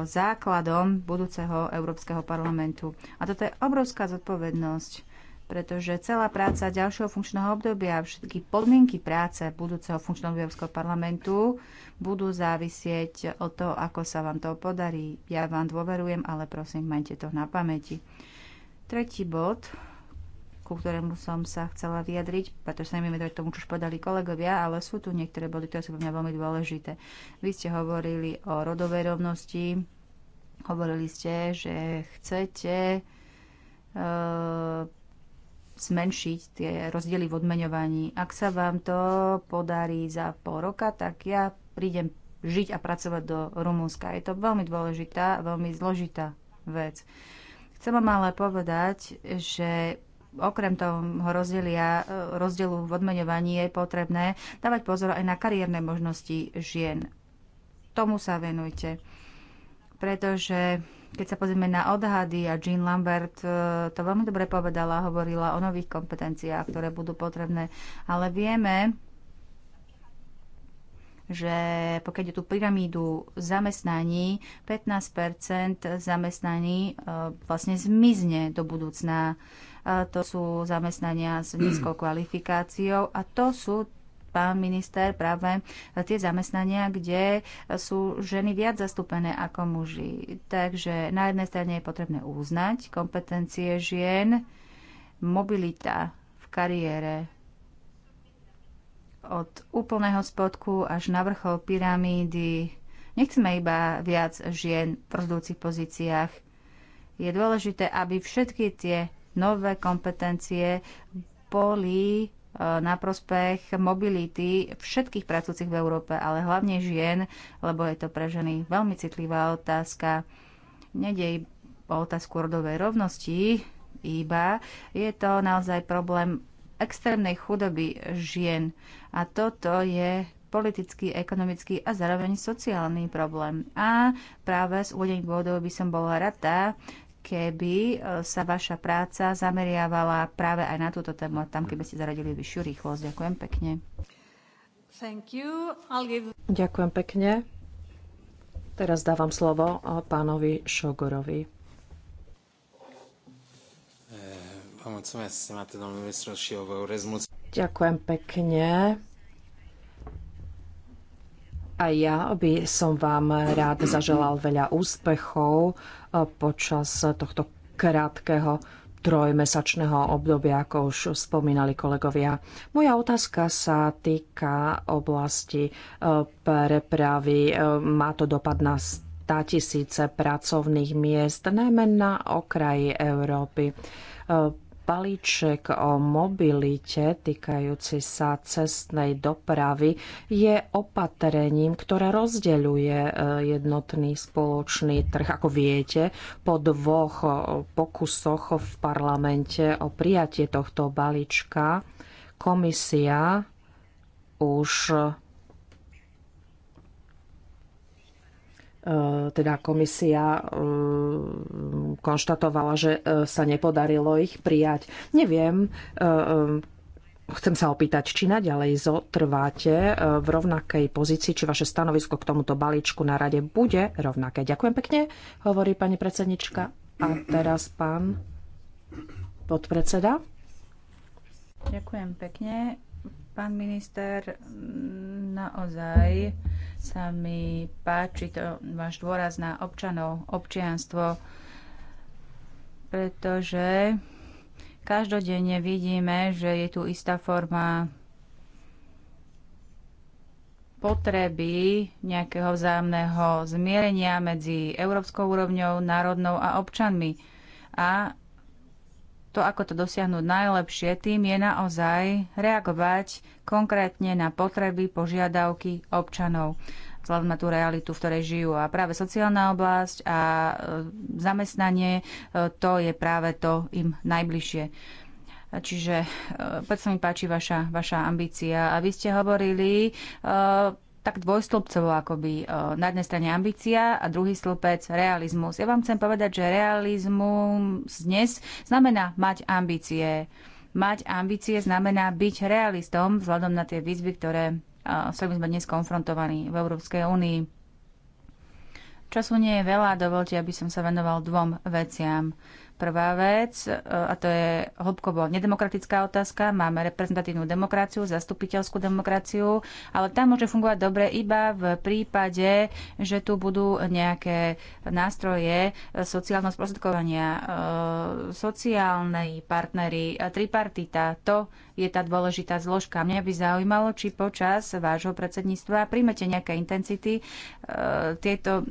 základom budúceho Európskeho parlamentu. A toto je obrovská zodpovednosť pretože celá práca ďalšieho funkčného obdobia a všetky podmienky práce budúceho funkčného Európskeho parlamentu budú závisieť od toho, ako sa vám to podarí. Ja vám dôverujem, ale prosím, majte to na pamäti. Tretí bod, ku ktorému som sa chcela vyjadriť, pretože sa neviem venovať tomu, čo už povedali kolegovia, ale sú tu niektoré body, ktoré sú pre mňa veľmi dôležité. Vy ste hovorili o rodovej rovnosti, hovorili ste, že chcete eh, zmenšiť tie rozdiely v odmeňovaní. Ak sa vám to podarí za pol roka, tak ja prídem žiť a pracovať do Rumúnska. Je to veľmi dôležitá, veľmi zložitá vec. Chcem vám ale povedať, že okrem toho rozdielia, rozdielu v odmeňovaní je potrebné dávať pozor aj na kariérne možnosti žien. Tomu sa venujte, pretože keď sa pozrieme na odhady a Jean Lambert e, to veľmi dobre povedala, hovorila o nových kompetenciách, ktoré budú potrebné, ale vieme, že pokiaľ je tú pyramídu zamestnaní, 15 zamestnaní e, vlastne zmizne do budúcna. E, to sú zamestnania s nízkou kvalifikáciou a to sú pán minister, práve tie zamestnania, kde sú ženy viac zastúpené ako muži. Takže na jednej strane je potrebné uznať kompetencie žien, mobilita v kariére, od úplného spodku až na vrchol pyramídy. Nechceme iba viac žien v rozhodujúcich pozíciách. Je dôležité, aby všetky tie nové kompetencie boli Eh, na prospech mobility všetkých pracujúcich v Európe, ale hlavne žien, lebo je to pre ženy veľmi citlivá otázka. Nedej o otázku rodovej rovnosti iba. Je to naozaj problém extrémnej chudoby žien. A toto je politický, ekonomický a zároveň sociálny problém. A práve z údeň dôvodov by som bola rada, keby e, sa vaša práca zameriavala práve aj na túto tému, tam keby ste zaradili vyššiu rýchlosť. Ďakujem pekne. Give... Ďakujem pekne. Teraz dávam slovo e, pánovi Šogorovi. Eh, Ďakujem pekne. A ja by som vám rád zaželal veľa úspechov e, počas tohto krátkeho trojmesačného obdobia, ako už spomínali kolegovia. Moja otázka sa týka oblasti e, prepravy. E, má to dopad na 100 tisíce pracovných miest, najmä na okraji Európy balíček o mobilite týkajúci sa cestnej dopravy je opatrením, ktoré rozdeľuje e, jednotný spoločný trh. Ako viete, po dvoch e, pokusoch v parlamente o prijatie tohto balíčka komisia už E, teda komisia e, konštatovala, že e, sa nepodarilo ich prijať. Neviem, chcem sa opýtať, či naďalej zotrváte v rovnakej pozícii, či vaše stanovisko k tomuto balíčku na rade bude rovnaké. Ďakujem pekne, hovorí pani predsednička. A teraz pán podpredseda. Ďakujem pekne. Pán minister, naozaj sa mi páči to váš dôraz na občanov, občianstvo, pretože každodenne vidíme, že je tu istá forma potreby nejakého vzájomného zmierenia medzi európskou úrovňou, národnou a občanmi. A to, ako to dosiahnuť najlepšie, tým je naozaj reagovať konkrétne na potreby, požiadavky občanov vzhľadom na tú realitu, v ktorej žijú. A práve sociálna oblasť a e, zamestnanie, e, to je práve to im najbližšie. Čiže e, preto sa mi páči vaša, vaša ambícia. A vy ste hovorili uh, tak dvojstĺpcovo, akoby e, na jednej strane ambícia a druhý stĺpec realizmus. Ja vám chcem povedať, že realizmus dnes znamená mať ambície. Mať ambície znamená byť realistom vzhľadom na tie výzvy, ktoré e, s ktorými sme dnes konfrontovaní v Európskej únii. Času nie je veľa, dovolte, aby som sa venoval dvom veciam. Prvá vec, e, a to je hlbkovo nedemokratická otázka, máme reprezentatívnu demokraciu, zastupiteľskú demokraciu, ale tá môže fungovať dobre iba v prípade, že tu budú nejaké nástroje sociálneho sprostredkovania, e, sociálnej partnery, e, tripartita, to je tá dôležitá zložka. Mňa by zaujímalo, či počas vášho predsedníctva príjmete nejaké intenzity tieto,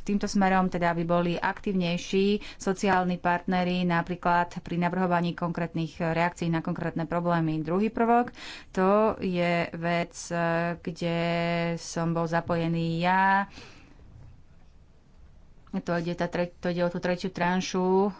týmto smerom, teda aby boli aktívnejší sociálni partneri partneri napríklad pri navrhovaní konkrétnych reakcií na konkrétne problémy. Druhý prvok, to je vec, kde som bol zapojený ja, to ide, tá, to ide o tú tretiu tranšu, e,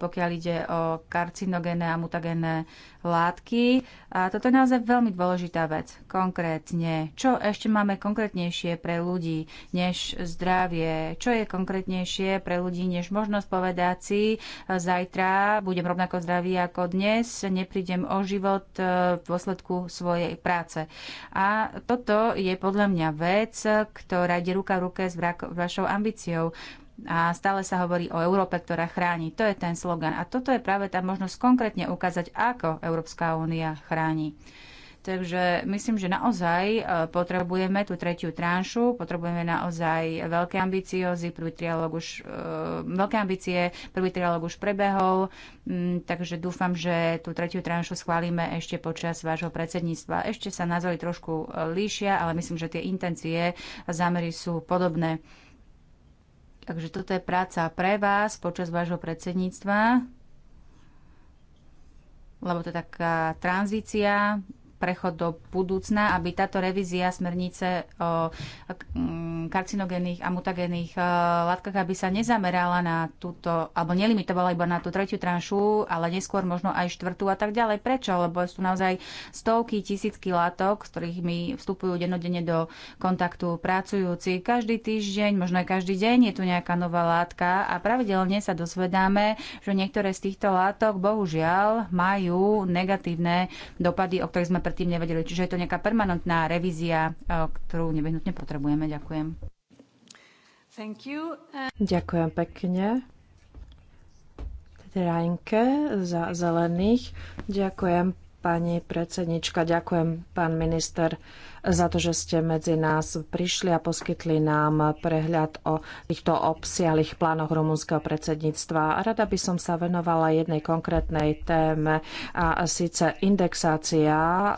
pokiaľ ide o karcinogéne a mutagéne látky. A toto je naozaj veľmi dôležitá vec. Konkrétne, čo ešte máme konkrétnejšie pre ľudí než zdravie? Čo je konkrétnejšie pre ľudí než možnosť povedať si, e, zajtra budem rovnako zdravý ako dnes, neprídem o život e, v dôsledku svojej práce. A toto je podľa mňa vec, ktorá ide ruka v ruke s vašou ambíciou a stále sa hovorí o Európe, ktorá chráni. To je ten slogan. A toto je práve tá možnosť konkrétne ukázať, ako Európska únia chráni. Takže myslím, že naozaj e, potrebujeme tú tretiu tranšu, potrebujeme naozaj veľké ambiciozy, prvý trialog už, e, veľké ambície, prvý trialog už prebehol, mm, takže dúfam, že tú tretiu tranšu schválime ešte počas vášho predsedníctva. Ešte sa názory trošku e, líšia, ale myslím, že tie intencie a zámery sú podobné. Takže toto je práca pre vás počas vášho predsedníctva, lebo to je taká tranzícia prechod do budúcna, aby táto revízia smernice o mm, karcinogénnych a mutagénnych e, látkach, aby sa nezamerala na túto, alebo nelimitovala iba na tú tretiu tranšu, ale neskôr možno aj štvrtú a tak ďalej. Prečo? Lebo sú naozaj stovky, tisícky látok, z ktorých mi vstupujú dennodenne do kontaktu pracujúci. Každý týždeň, možno aj každý deň je tu nejaká nová látka a pravidelne sa dozvedáme, že niektoré z týchto látok bohužiaľ majú negatívne dopady, o ktorých sme pred predtým nevedeli. Čiže je to nejaká permanentná revízia, e, ktorú nevyhnutne potrebujeme. Ďakujem. Thank you. Ďakujem pekne. Rajnke za zelených. Ďakujem pani predsednička, ďakujem pán minister za to, že ste medzi nás prišli a poskytli nám prehľad o týchto obsiahlých plánoch rumunského predsedníctva. Rada by som sa venovala jednej konkrétnej téme a síce indexácia e,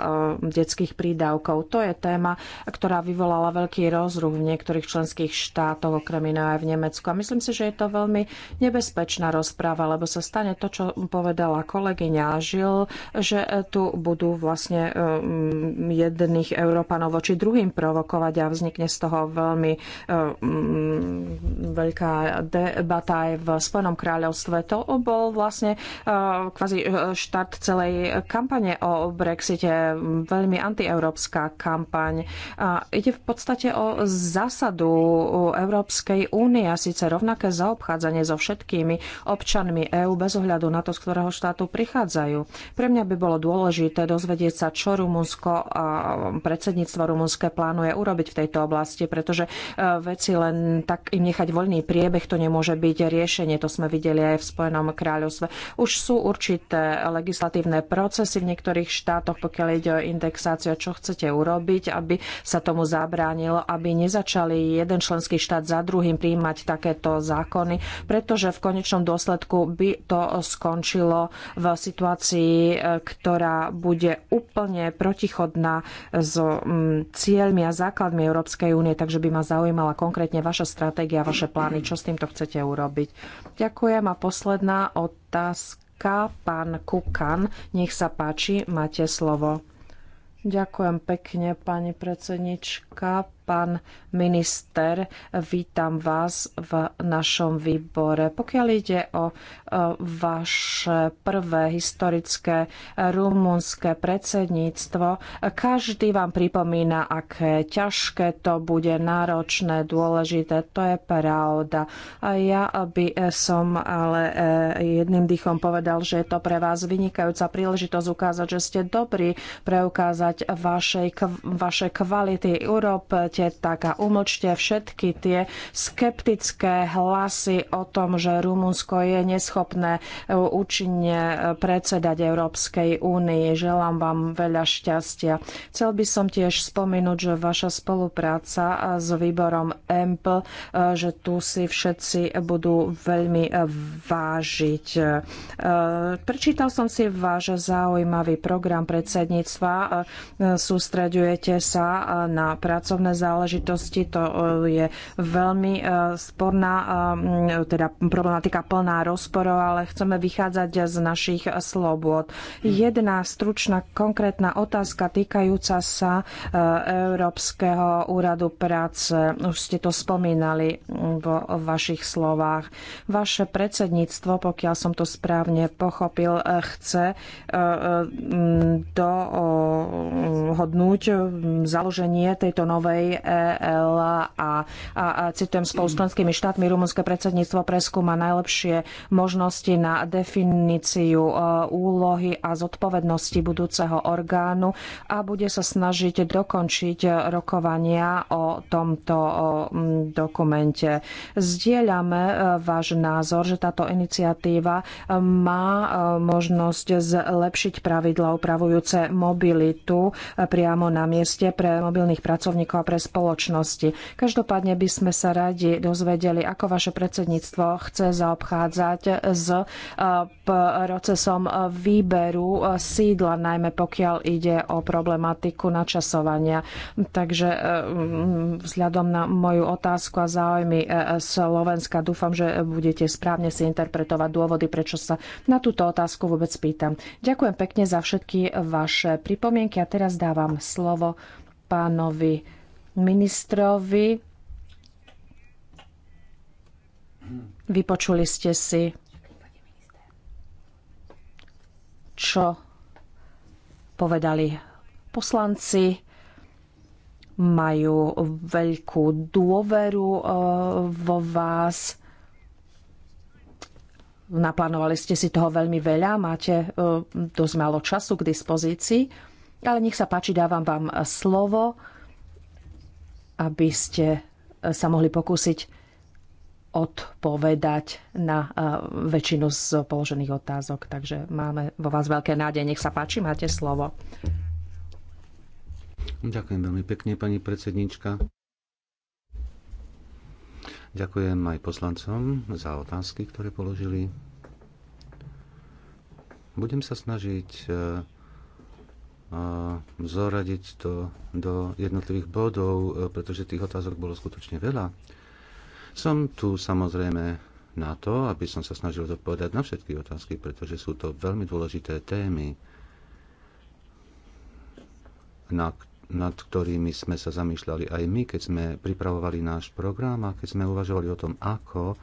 detských prídavkov. To je téma, ktorá vyvolala veľký rozruch v niektorých členských štátoch, okrem iného aj v Nemecku. A myslím si, že je to veľmi nebezpečná rozpráva, lebo sa stane to, čo povedala kolegyňa Žil, že tu budú vlastne e, jedných Európa Európanov voči druhým provokovať a vznikne z toho veľmi e, mm, veľká debata aj v Spojenom kráľovstve. To bol vlastne e, kvazi e, štart celej kampane o Brexite, veľmi antieurópska kampaň. A ide v podstate o zásadu Európskej únie a síce rovnaké zaobchádzanie so všetkými občanmi EÚ bez ohľadu na to, z ktorého štátu prichádzajú. Pre mňa by bolo dôležité dozvedieť sa, čo Rumunsko a predsedníctvo predsedníctvo rumunské plánuje urobiť v tejto oblasti, pretože e, veci len tak im nechať voľný priebeh, to nemôže byť riešenie. To sme videli aj v Spojenom kráľovstve. Už sú určité legislatívne procesy v niektorých štátoch, pokiaľ ide o indexáciu, čo chcete urobiť, aby sa tomu zabránilo, aby nezačali jeden členský štát za druhým príjmať takéto zákony, pretože v konečnom dôsledku by to skončilo v situácii, e, ktorá bude úplne protichodná s cieľmi a základmi Európskej únie, takže by ma zaujímala konkrétne vaša stratégia, vaše plány, čo s týmto chcete urobiť. Ďakujem a posledná otázka, pán Kukan. Nech sa páči, máte slovo. Ďakujem pekne, pani predsednička pán minister. Vítam vás v našom výbore. Pokiaľ ide o vaše prvé historické rumunské predsedníctvo, každý vám pripomína, aké ťažké to bude, náročné, dôležité. To je pravda. Ja by som ale e, jedným dýchom povedal, že je to pre vás vynikajúca príležitosť ukázať, že ste dobrí, preukázať vašej, vaše kvality Európe urobte tak a umlčte všetky tie skeptické hlasy o tom, že Rumunsko je neschopné e, účinne e, predsedať Európskej únii. Želám vám veľa šťastia. Chcel by som tiež spomenúť, že vaša spolupráca e, s výborom EMPL, že tu si všetci budú veľmi vážiť. Prečítal som si váš zaujímavý program predsedníctva. Sústredujete sa na pracovné záležitosti záležitosti. To e, je veľmi e, sporná, e, teda problematika plná rozporov, ale chceme vychádzať z našich slobôd. Hmm. Jedna stručná konkrétna otázka týkajúca sa Európskeho úradu práce. Už ste to spomínali vo vašich slovách. Vaše predsedníctvo, pokiaľ som to správne pochopil, chce dohodnúť založenie tejto novej EL e a, a citujem, spolu s členskými štátmi rumunské predsedníctvo preskúma najlepšie možnosti na definíciu e, úlohy a zodpovednosti budúceho orgánu a bude sa snažiť dokončiť rokovania o tomto dokumente. Zdieľame e, váš názor, že táto iniciatíva má možnosť zlepšiť pravidla upravujúce mobilitu priamo na mieste pre mobilných pracovníkov a pre spoločnosti. Každopádne by sme sa radi dozvedeli, ako vaše predsedníctvo chce zaobchádzať s eh, procesom výberu eh, sídla, najmä pokiaľ ide o problematiku načasovania. Takže eh, mm, vzhľadom na moju otázku a záujmy Slovenska, dúfam, že budete správne si interpretovať dôvody, prečo sa na túto otázku vôbec pýtam. Ďakujem pekne za všetky vaše pripomienky a teraz dávam slovo pánovi ministrovi. Vypočuli ste si, čo povedali poslanci. Majú veľkú dôveru eh, vo vás. Naplánovali ste si toho veľmi veľa, máte eh, dosť málo času k dispozícii, ale nech sa páči, dávam vám slovo aby ste e, sa mohli pokúsiť odpovedať na e, väčšinu z položených otázok. Takže máme vo vás veľké nádej. Nech sa páči, máte slovo. Ďakujem veľmi pekne, pani predsednička. Ďakujem aj poslancom za otázky, ktoré položili. Budem sa snažiť e, a zoradiť to do jednotlivých bodov, e, pretože tých otázok bolo skutočne veľa. Som tu samozrejme na to, aby som sa snažil zodpovedať na všetky otázky, pretože sú to veľmi dôležité témy, na, nad ktorými sme sa zamýšľali aj my, keď sme pripravovali náš program a keď sme uvažovali o tom, ako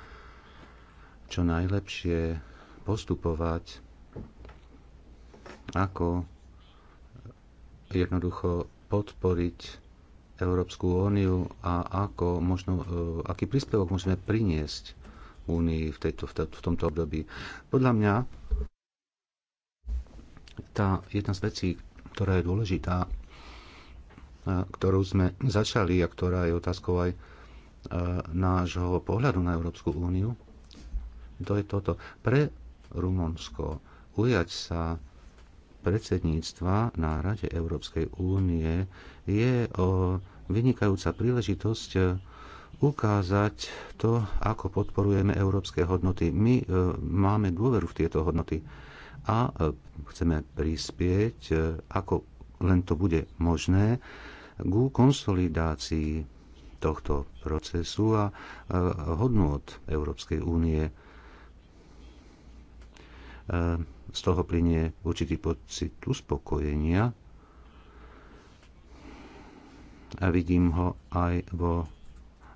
čo najlepšie postupovať, ako jednoducho podporiť Európsku úniu a ako možno, e, aký príspevok môžeme priniesť únii v, tejto, v tomto období. Podľa mňa tá jedna z vecí, ktorá je dôležitá, e, ktorú sme začali a ktorá je otázkou aj e, nášho pohľadu na Európsku úniu, to je toto. Pre Rumunsko ujať sa predsedníctva na Rade Európskej únie je o vynikajúca príležitosť e, ukázať to, ako podporujeme európske hodnoty. My e, máme dôveru v tieto hodnoty a e, chceme prispieť, ako len to bude možné, ku konsolidácii tohto procesu a hodnot Európskej únie z toho plinie určitý pocit uspokojenia a vidím ho aj vo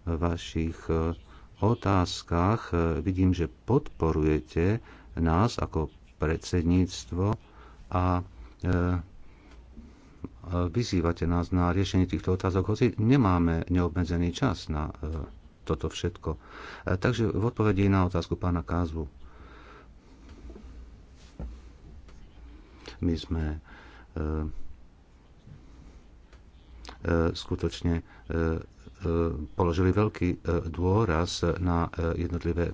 vašich e, otázkach. E, vidím, že podporujete nás ako predsedníctvo e, a vyzývate nás na riešenie týchto otázok, hoci nemáme neobmedzený čas na toto všetko. Takže v odpovedi na otázku pána kázvu. My sme e, e, skutočne e, položili veľký dôraz na jednotlivé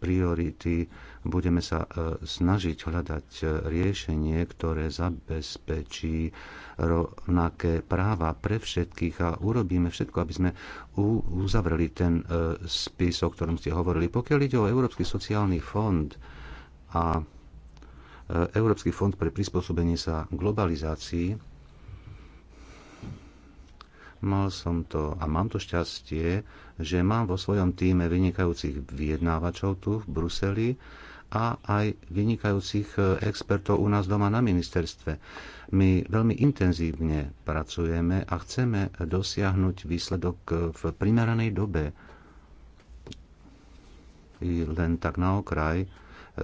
priority. Budeme sa snažiť hľadať riešenie, ktoré zabezpečí rovnaké práva pre všetkých a urobíme všetko, aby sme uzavreli ten spis, o ktorom ste hovorili. Pokiaľ ide o Európsky sociálny fond a Európsky fond pre prispôsobenie sa globalizácii. Mal som to a mám to šťastie, že mám vo svojom týme vynikajúcich vyjednávačov tu v Bruseli a aj vynikajúcich e, expertov u nás doma na ministerstve. My veľmi intenzívne pracujeme a chceme dosiahnuť výsledok e, v primeranej dobe. I len tak na okraj e,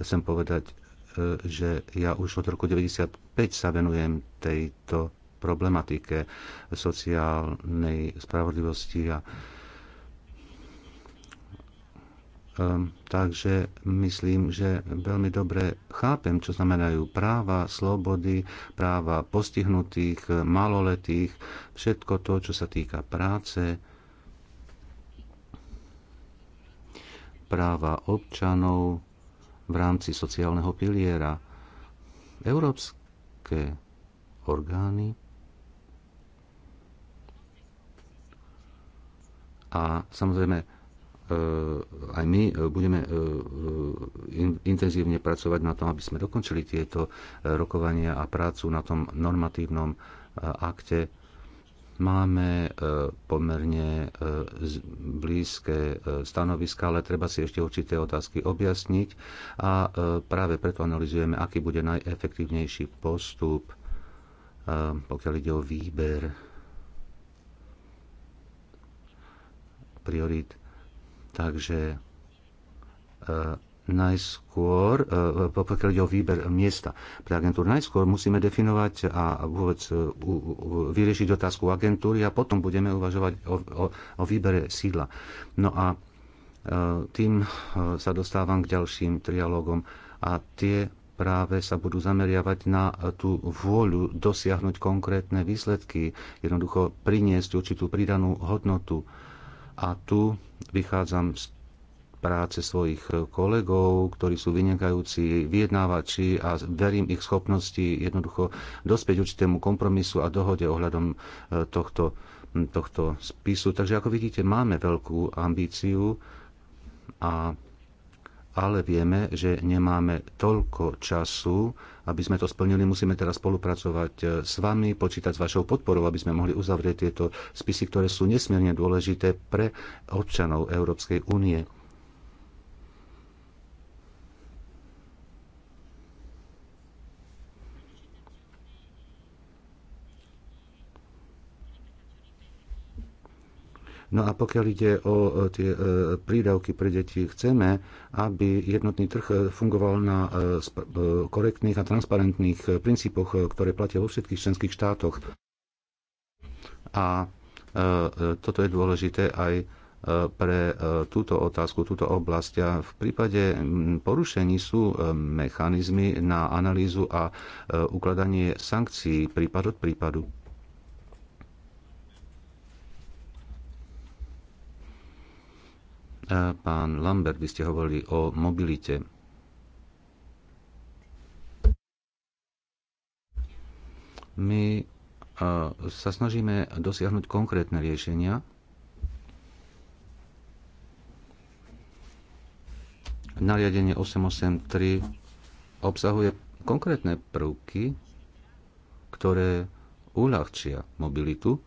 chcem povedať, E, že ja už od roku 1995 sa venujem tejto problematike sociálnej spravodlivosti a Um, takže myslím, že veľmi dobre chápem, čo znamenajú práva, slobody, práva postihnutých, maloletých, všetko to, čo sa týka práce, práva občanov, v rámci sociálneho piliera. Európske orgány a samozrejme e, aj my e, budeme e, intenzívne pracovať na tom, aby sme dokončili tieto rokovania a prácu na tom normatívnom akte máme e, pomerne e, blízke e, stanoviska, ale treba si ešte určité otázky objasniť a práve preto analizujeme, aký bude najefektívnejší postup, pokiaľ ide o výber priorít. Takže najskôr, e, e, pokiaľ ide o výber miesta pre agentúru, najskôr musíme definovať a vôbec e, vyriešiť otázku agentúry a potom budeme uvažovať o, o, o výbere sídla. No a tým sa dostávam k ďalším trialogom a tie práve sa budú zameriavať na tú vôľu dosiahnuť konkrétne výsledky, jednoducho priniesť určitú pridanú hodnotu. A tu vychádzam z práce svojich kolegov, ktorí sú vynikajúci vyjednávači a verím ich schopnosti jednoducho dospieť určitému kompromisu a dohode ohľadom e, tohto, tohto spisu. Takže ako vidíte, máme veľkú ambíciu, a, ale vieme, že nemáme toľko času, aby sme to splnili. Musíme teraz spolupracovať e, s vami, počítať s vašou podporou, aby sme mohli uzavrieť tieto spisy, ktoré sú nesmierne dôležité pre občanov Európskej únie. No a pokiaľ ide o tie e, prídavky pre deti, chceme, aby jednotný trh e, fungoval na e, korektných a transparentných princípoch, ktoré platia vo všetkých členských štátoch. A toto je dôležité aj pre túto otázku, túto oblasť. A v prípade porušení sú mechanizmy na analýzu a ukladanie sankcií prípad od prípadu. Pán Lambert, vy ste hovorili o mobilite. My sa snažíme dosiahnuť konkrétne riešenia. Nariadenie 883 obsahuje konkrétne prvky, ktoré uľahčia mobilitu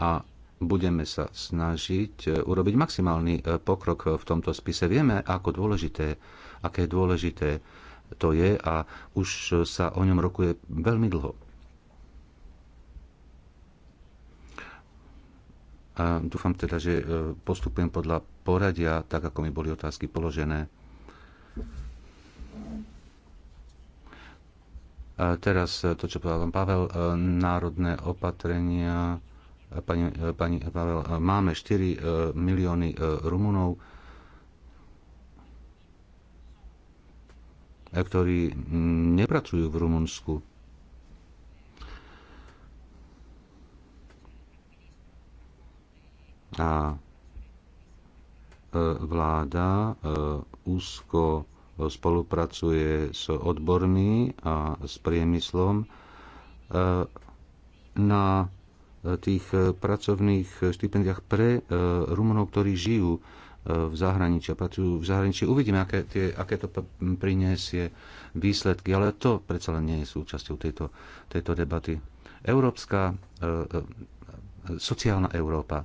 a budeme sa snažiť e, urobiť maximálny e, pokrok v tomto spise. Vieme, ako dôležité, aké dôležité to je a už sa o ňom rokuje veľmi dlho. A dúfam teda, že e, postupujem podľa poradia, tak ako mi boli otázky položené. A teraz to, čo povedal pán Pavel, národné opatrenia Pani, pani Pavel, máme 4 e, milióny e, Rumunov, e, ktorí mm, nepracujú v Rumunsku. A vláda úzko spolupracuje s odbormi a s priemyslom na tých e, pracovných e, štipendiách pre e, Rumunov, ktorí žijú v zahraničí a pracujú v zahraničí. Uvidíme, aké, tie, aké to priniesie výsledky, ale to predsa len nie je súčasťou tejto, tejto debaty. Európska, sociálna Európa.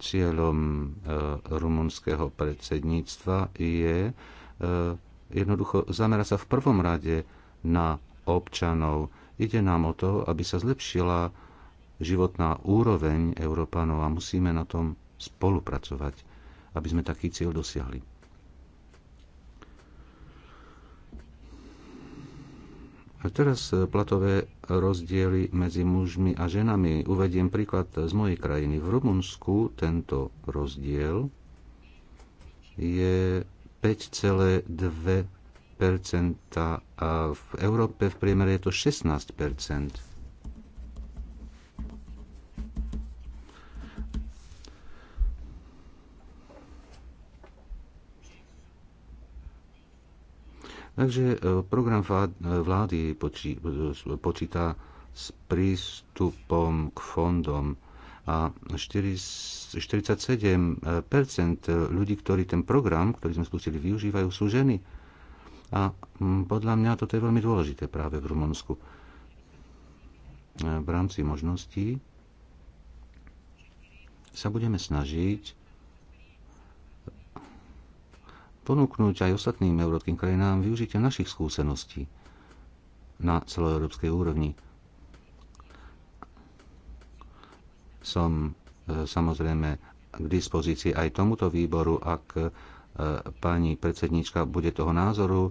Cieľom rumunského predsedníctva je jednoducho zamerať sa v prvom rade na občanov. Ide nám o to, aby sa zlepšila životná úroveň Európanov a musíme na tom spolupracovať, aby sme taký cieľ dosiahli. A teraz e, platové rozdiely medzi mužmi a ženami. Uvediem príklad z mojej krajiny. V Rumunsku tento rozdiel je 5,2 a v Európe v priemere je to 16 Takže e, program e, vlády počí, e, počíta s prístupom k fondom a 47 ľudí, ktorí ten program, ktorý sme spustili, využívajú, sú ženy. A mm, podľa mňa toto je veľmi dôležité práve v Rumunsku. E, v rámci možností sa budeme snažiť ponúknuť aj ostatným európskym krajinám využitia našich skúseností na celoeurópskej úrovni. Som e, samozrejme k dispozícii aj tomuto výboru, ak pani predsednička bude toho názoru, e,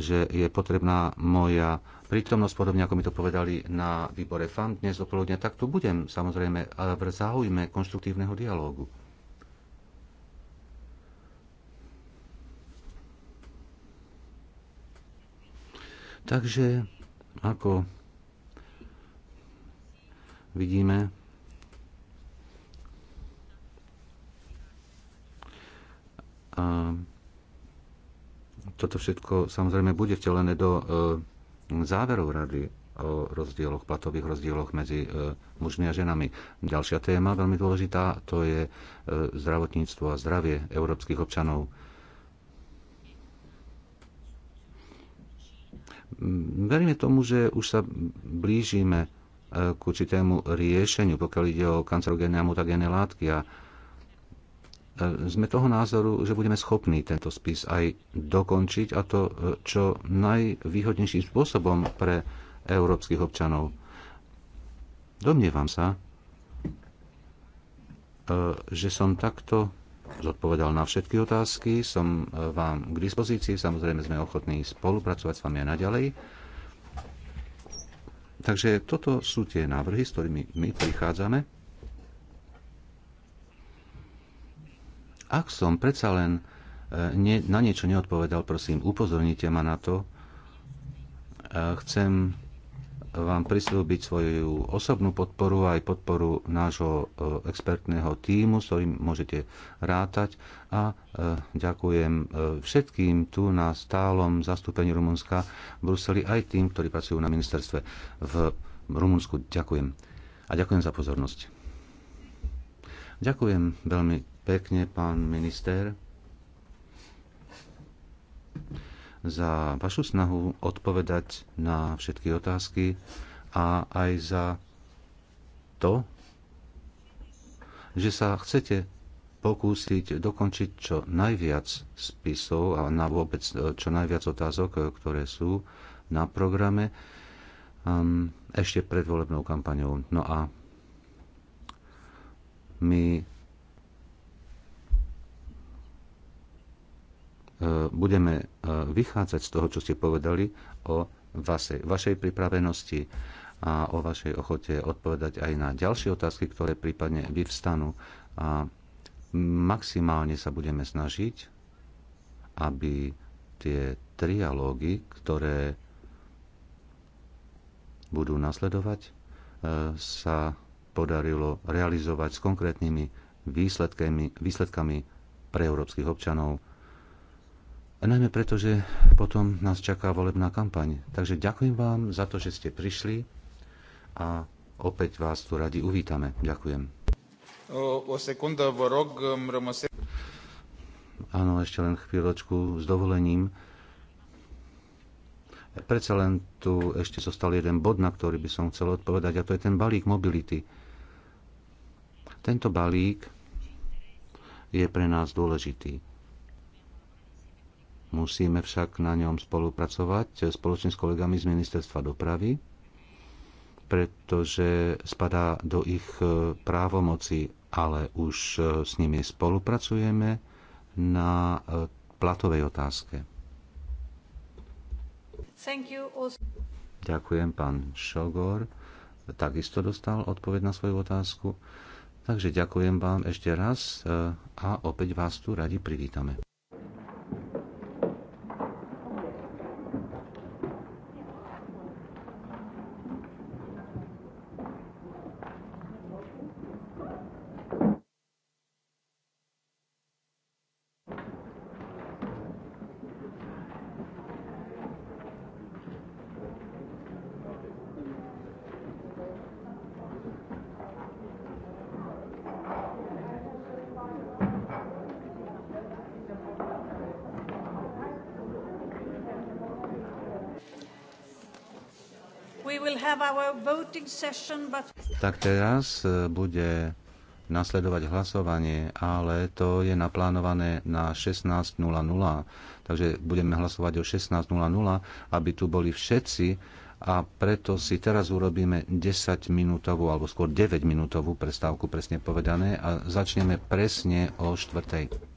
že je potrebná moja prítomnosť, podobne ako mi to povedali na výbore FAM dnes dopoludne, tak tu budem samozrejme v záujme konštruktívneho dialógu. Takže ako vidíme, A toto všetko samozrejme bude vtelené do e, záverov rady o rozdieloch, platových rozdieloch medzi e, mužmi a ženami. Ďalšia téma, veľmi dôležitá, to je e, zdravotníctvo a zdravie európskych občanov. Veríme tomu, že už sa blížime k určitému riešeniu, pokiaľ ide o kancerogénne a mutagénne látky a sme toho názoru, že budeme schopní tento spis aj dokončiť a to e, čo najvýhodnejším spôsobom pre európskych občanov. Domnievam sa, e, že som takto zodpovedal na všetky otázky, som e, vám k dispozícii, samozrejme sme ochotní spolupracovať s vami aj naďalej. Takže toto sú tie návrhy, s ktorými my prichádzame. Ak som predsa len e, ne, na niečo neodpovedal, prosím, upozornite ma na to. E, chcem vám prislúbiť svoju osobnú podporu aj podporu nášho e, expertného týmu, s ktorým môžete rátať. A ďakujem všetkým tu na stálom zastúpení Rumunska v Bruseli, aj tým, ktorí pracujú na ministerstve v Rumunsku. Ďakujem. A ďakujem za pozornosť. Ďakujem veľmi pekne, pán minister, za vašu snahu odpovedať na všetky otázky a aj za to, že sa chcete pokúsiť dokončiť čo najviac spisov a na vôbec e, čo najviac otázok, e, ktoré sú na programe um, ešte pred volebnou kampaňou. No a my E, budeme e, vychádzať z toho, čo ste povedali o vašej, vašej pripravenosti a o vašej ochote odpovedať aj na ďalšie otázky, ktoré prípadne vyvstanú. A maximálne sa budeme snažiť, aby tie trialógy, ktoré budú nasledovať, e, sa podarilo realizovať s konkrétnymi výsledkami, výsledkami pre európskych občanov najmä preto, že potom nás čaká volebná kampaň. Takže ďakujem vám za to, že ste prišli a opäť vás tu radi uvítame. Ďakujem. O, o sekundă, vă rog, Áno, ešte len chvíľočku s dovolením. Predsa len tu ešte zostal jeden bod, na ktorý by som chcel odpovedať, a to je ten balík mobility. Tento balík je pre nás dôležitý. Musíme však na ňom spolupracovať spoločne s kolegami z Ministerstva dopravy, pretože spadá do ich e, právomoci, ale už e, s nimi spolupracujeme na e, platovej otázke. Ďakujem, pán Šogor. Takisto dostal odpoveď na svoju otázku. Takže ďakujem vám ešte raz a opäť vás tu radi privítame. Tak teraz e, bude nasledovať hlasovanie, ale to je naplánované na 16.00. Takže budeme hlasovať o 16.00, aby tu boli všetci a preto si teraz urobíme 10-minútovú alebo skôr 9-minútovú prestávku presne povedané a začneme presne o 4.00.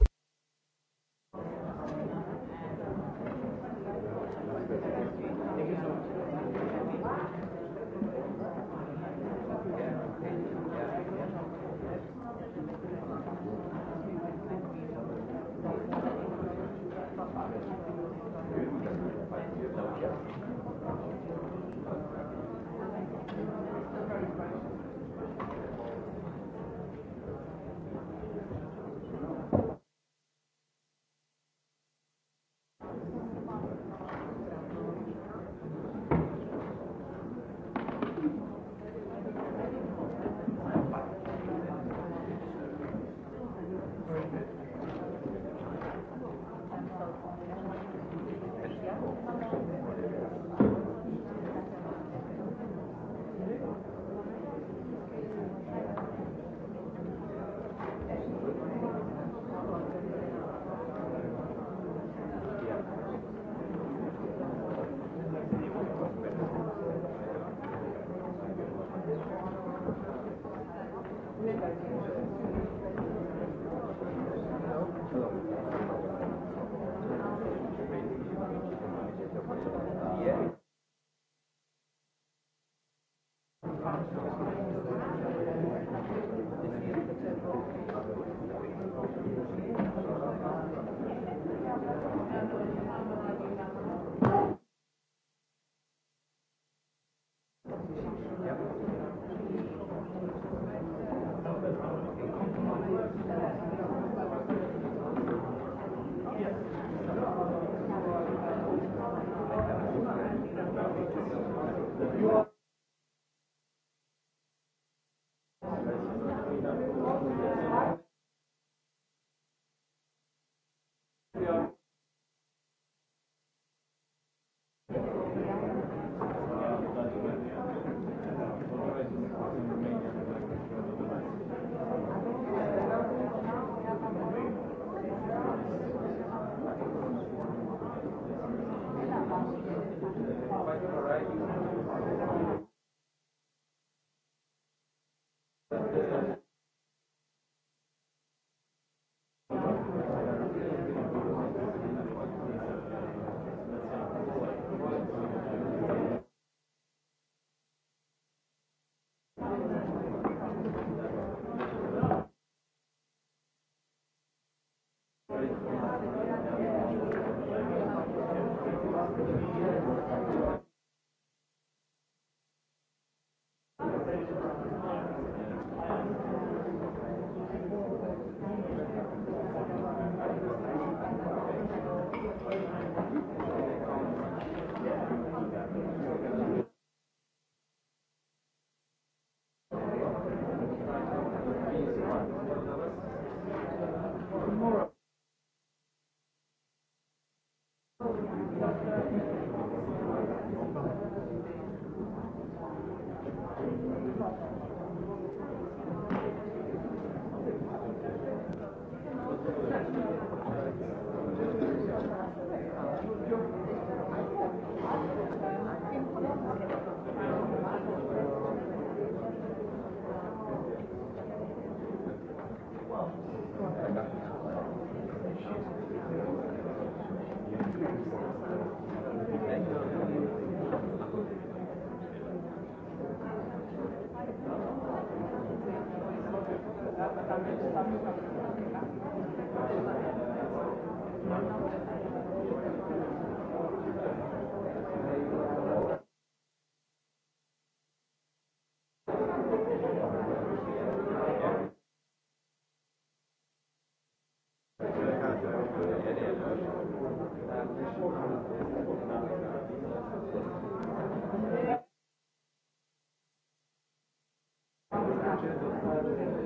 Thank you.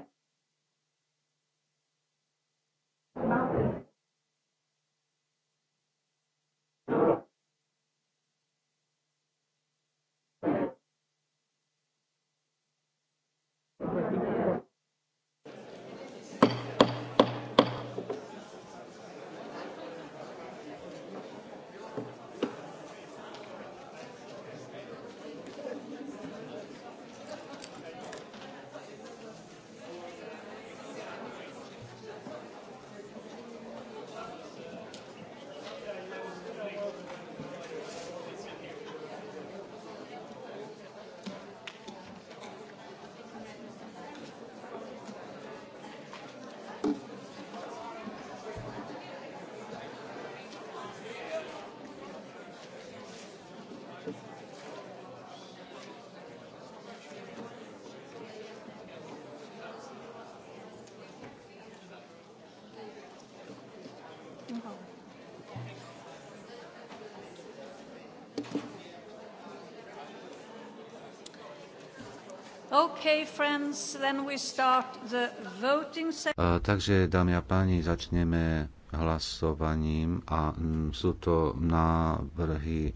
takže, dámy a páni, začneme hlasovaním a mm, sú to návrhy e,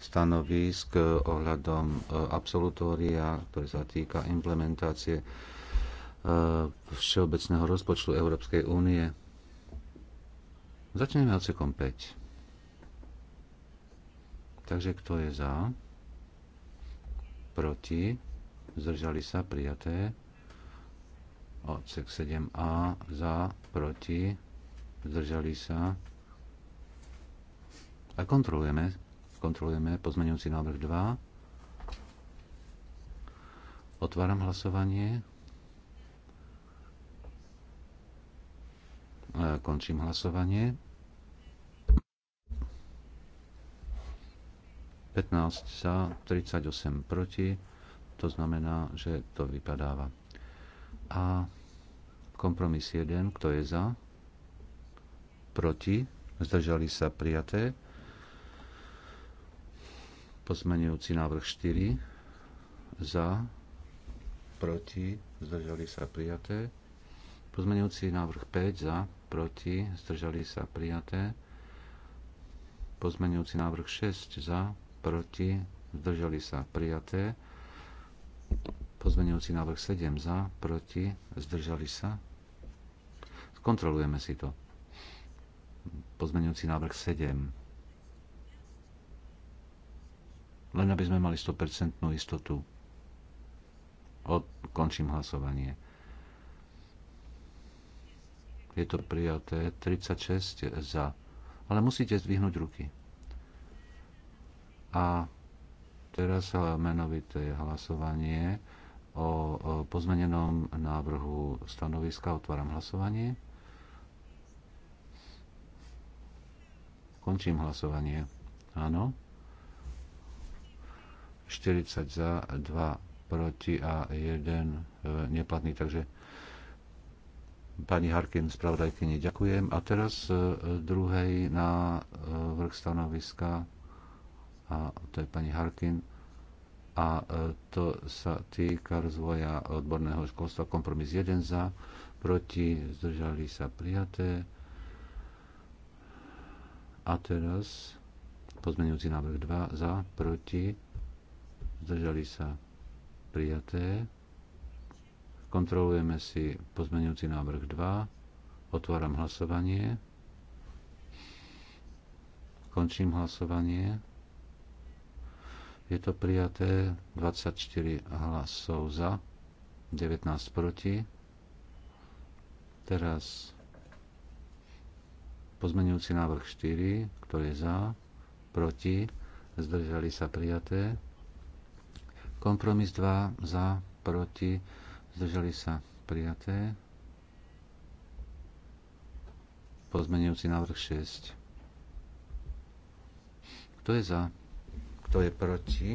stanovisk ohľadom e, absolutória, ktoré sa týka implementácie e, všeobecného rozpočtu Európskej únie. Začneme odsekom 5. Takže kto je za? Proti? zdržali sa prijaté. Odsek 7a za, proti, zdržali sa. A kontrolujeme, kontrolujeme pozmeňujúci návrh 2. Otváram hlasovanie. Končím hlasovanie. 15 za, 38 proti to znamená, že to vypadáva. A kompromis 1, kto je za? Proti? Zdržali sa prijaté. Pozmenujúci návrh 4. Za? Proti? Zdržali sa prijaté. Pozmenujúci návrh 5. Za? Proti? Zdržali sa prijaté. Pozmenujúci návrh 6. Za? Proti? Zdržali sa prijaté Pozmeňujúci návrh 7 za, proti, zdržali sa. Skontrolujeme si to. Pozmeňujúci návrh 7. Len aby sme mali 100% istotu. Končím hlasovanie. Je to prijaté 36 za. Ale musíte zdvihnúť ruky. A teraz menovité hlasovanie o pozmenenom návrhu stanoviska. Otváram hlasovanie. Končím hlasovanie. Áno. 40 za, 2 proti a 1 e, neplatný. Takže pani Harkin, spravodajkyni, ďakujem. A teraz e, druhej na e, vrch stanoviska a to je pani Harkin a e, to sa týka rozvoja odborného školstva. Kompromis 1 za, proti, zdržali sa prijaté. A teraz pozmenujúci návrh 2 za, proti, zdržali sa prijaté. Kontrolujeme si pozmenujúci návrh 2. Otváram hlasovanie. Končím hlasovanie. Je to prijaté 24 hlasov za, 19 proti. Teraz pozmenujúci návrh 4, kto je za, proti, zdržali sa prijaté. Kompromis 2 za, proti, zdržali sa prijaté. Pozmenujúci návrh 6. Kto je za? Kto je proti?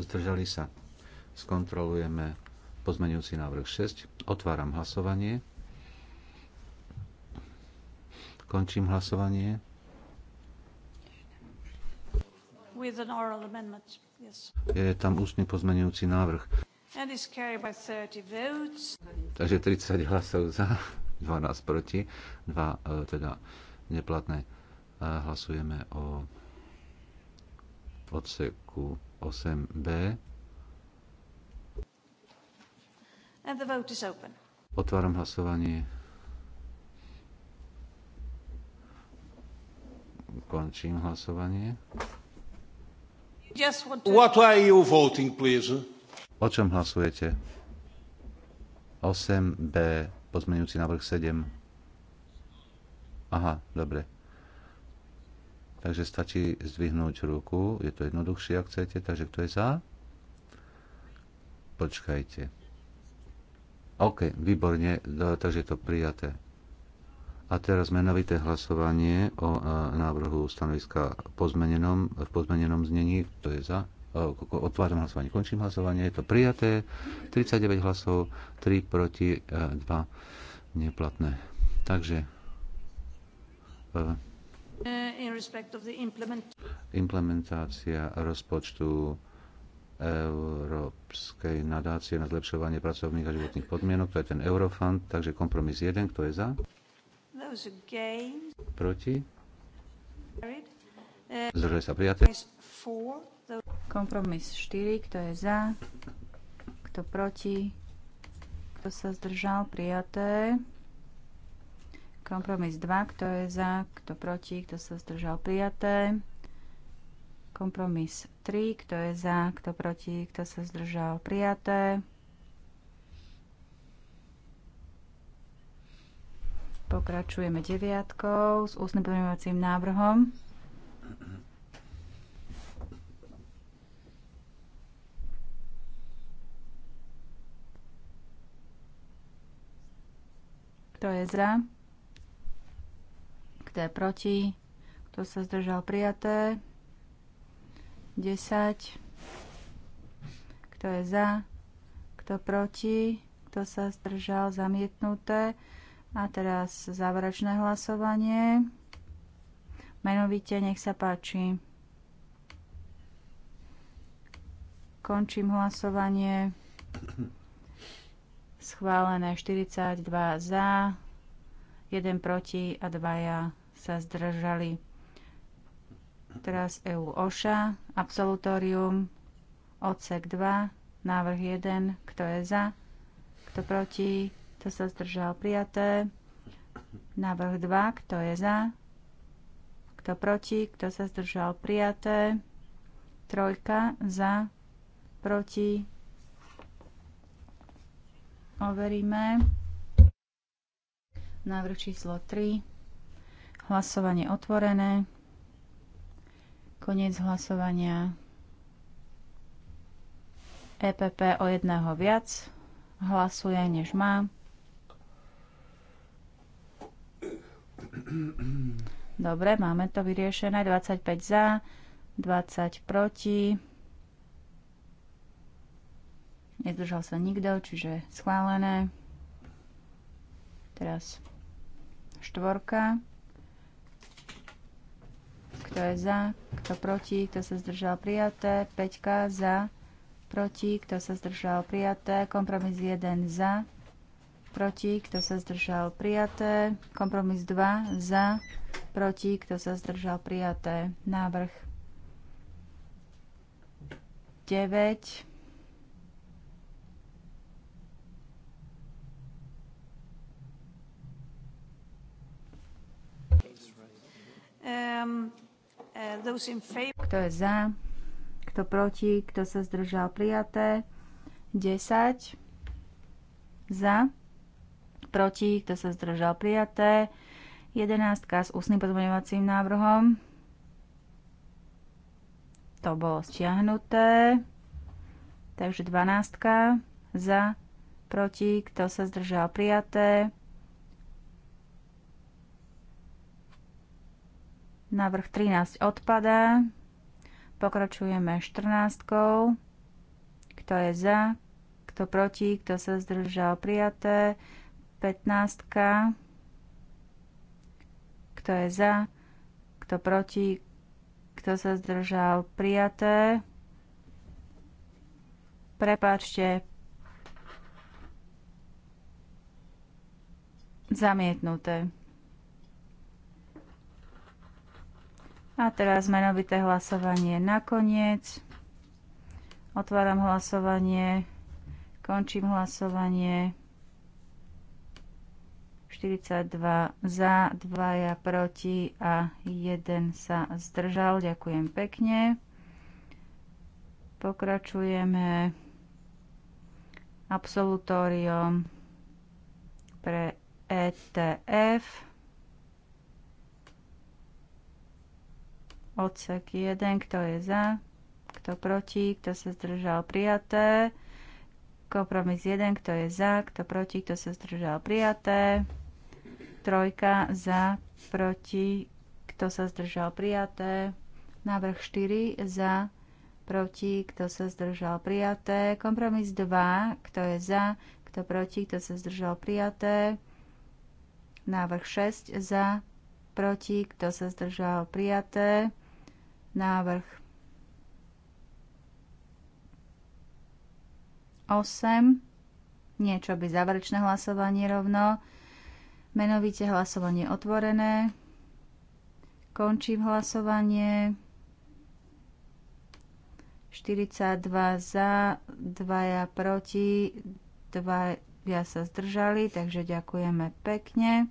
Zdržali sa. Skontrolujeme pozmenujúci návrh 6. Otváram hlasovanie. Končím hlasovanie. Je tam ústny pozmenujúci návrh. Takže 30 hlasov za, 12 proti, 2 e, teda neplatné Hlasujeme o odseku 8b. And the vote is open. Otváram hlasovanie. Končím hlasovanie. To... What are you voting, please? O čom hlasujete? 8b, pozmeňujúci návrh 7. Aha, dobre. Takže stačí zdvihnúť ruku, je to jednoduchšie, ak chcete. Takže kto je za? Počkajte. OK, výborne, takže je to prijaté. A teraz menovité hlasovanie o e, návrhu stanoviska pozmenenom, v pozmenenom znení. To je za. E, otváram hlasovanie, končím hlasovanie. Je to prijaté. 39 hlasov, 3 proti, 2 e, neplatné. Takže Uh, implementácia rozpočtu Európskej nadácie na zlepšovanie pracovných a životných podmienok, to je ten Eurofund, takže kompromis 1, kto je za? Proti? Uh, Zdržuje sa prijaté? Kompromis 4, kto je za? Kto proti? Kto sa zdržal? Prijaté. Kompromis 2, kto je za, kto proti, kto sa zdržal prijaté. Kompromis 3, kto je za, kto proti, kto sa zdržal prijaté. Pokračujeme deviatkou s ústnym pozmeňovacím návrhom. Kto je za? prijaté. Proti? Kto sa zdržal? Prijaté. 10. Kto je za? Kto proti? Kto sa zdržal? Zamietnuté. A teraz záverečné hlasovanie. Menovite, nech sa páči. Končím hlasovanie. Schválené 42 za, 1 proti a 2 ja sa zdržali. Teraz EU OŠA, absolutórium, odsek 2, návrh 1, kto je za, kto proti, kto sa zdržal prijaté. Návrh 2, kto je za, kto proti, kto sa zdržal prijaté. Trojka za, proti. Overíme. Návrh číslo 3. Hlasovanie otvorené. Koniec hlasovania. EPP o jedného viac hlasuje, než má. Dobre, máme to vyriešené. 25 za, 20 proti. Nezdržal sa nikto, čiže schválené. Teraz štvorka kto je za, kto proti, kto sa zdržal prijaté, 5 za, proti, kto sa zdržal prijaté, kompromis 1 za, proti, kto sa zdržal prijaté, kompromis 2 za, proti, kto sa zdržal prijaté, návrh 9 Um, ehm, kto je za? Kto proti? Kto sa zdržal? Prijaté. 10. Za. Proti. Kto sa zdržal? Prijaté. 11. S ústnym pozmeňovacím návrhom. To bolo stiahnuté. Takže 12. Za. Proti. Kto sa zdržal? Prijaté. Navrh 13 odpadá. Pokračujeme 14. Kto je za? Kto proti? Kto sa zdržal? Prijaté. 15. Kto je za? Kto proti? Kto sa zdržal? Prijaté. Prepáčte. Zamietnuté. A teraz menovité hlasovanie nakoniec. Otváram hlasovanie. Končím hlasovanie. 42 za, 2 ja proti a 1 sa zdržal. Ďakujem pekne. Pokračujeme absolutóriom pre ETF. Odsek 1, kto je za, kto proti, kto sa zdržal prijaté. Kompromis 1, kto je za, kto proti, kto sa zdržal prijaté. Trojka za, proti, kto sa zdržal prijaté. Návrh 4 za, proti, kto sa zdržal prijaté. Kompromis 2, kto je za, kto proti, kto sa zdržal prijaté. Návrh 6 za, proti, kto sa zdržal prijaté návrh 8, niečo by záverečné hlasovanie rovno, menovite hlasovanie otvorené, končím hlasovanie, 42 za, 2 proti, 2 ja sa zdržali, takže ďakujeme pekne.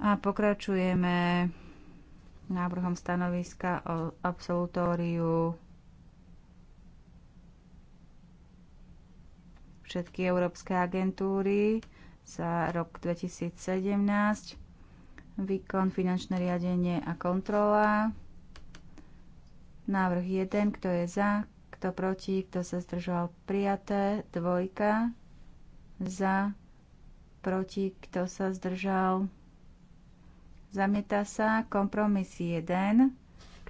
A pokračujeme návrhom stanoviska o absolutóriu všetky európske agentúry za rok 2017, výkon, finančné riadenie a kontrola. Návrh 1, kto je za, kto proti, kto sa zdržal prijaté, dvojka, za, proti, kto sa zdržal prijaté Zamieta sa kompromis 1.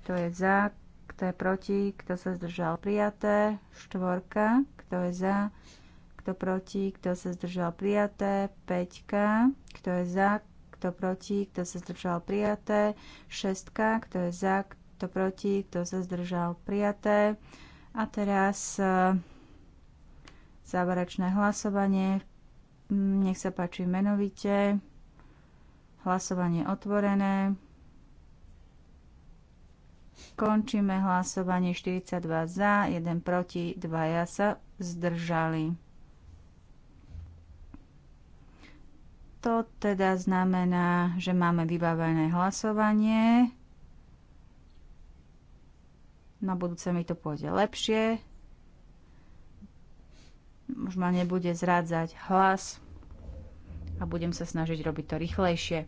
Kto je za? Kto je proti? Kto sa zdržal? Prijaté. Štvorka. Kto je za? Kto proti? Kto sa zdržal? Prijaté. Peťka. Kto je za? Kto proti? Kto sa zdržal? Prijaté. Šestka. Kto je za? Kto proti? Kto sa zdržal? Prijaté. A teraz e, záverečné hlasovanie. Nech sa páči menovite. Hlasovanie otvorené. Končíme hlasovanie 42 za, 1 proti, 2 ja sa zdržali. To teda znamená, že máme vybavené hlasovanie. Na budúce mi to pôjde lepšie. Už ma nebude zrádzať hlas a budem sa snažiť robiť to rýchlejšie.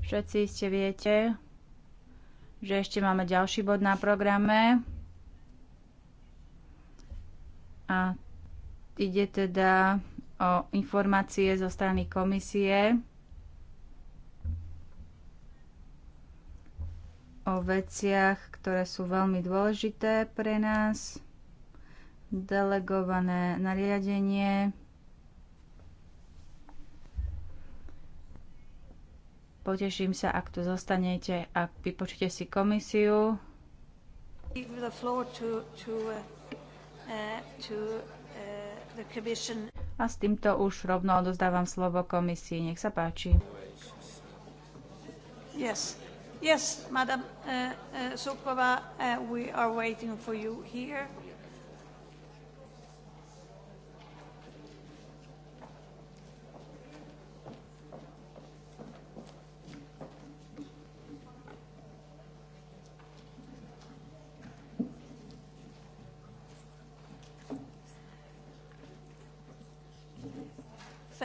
Všetci ste viete, že ešte máme ďalší bod na programe. A ide teda o informácie zo strany komisie o veciach, ktoré sú veľmi dôležité pre nás. Delegované nariadenie Poteším sa, ak tu zostanete a vypočíte si komisiu. Uh, uh, uh, a s týmto už rovno odozdávam slovo komisii. Nech sa páči. Yes. Yes, Madam uh, uh, Sokova, uh, we are waiting for you here.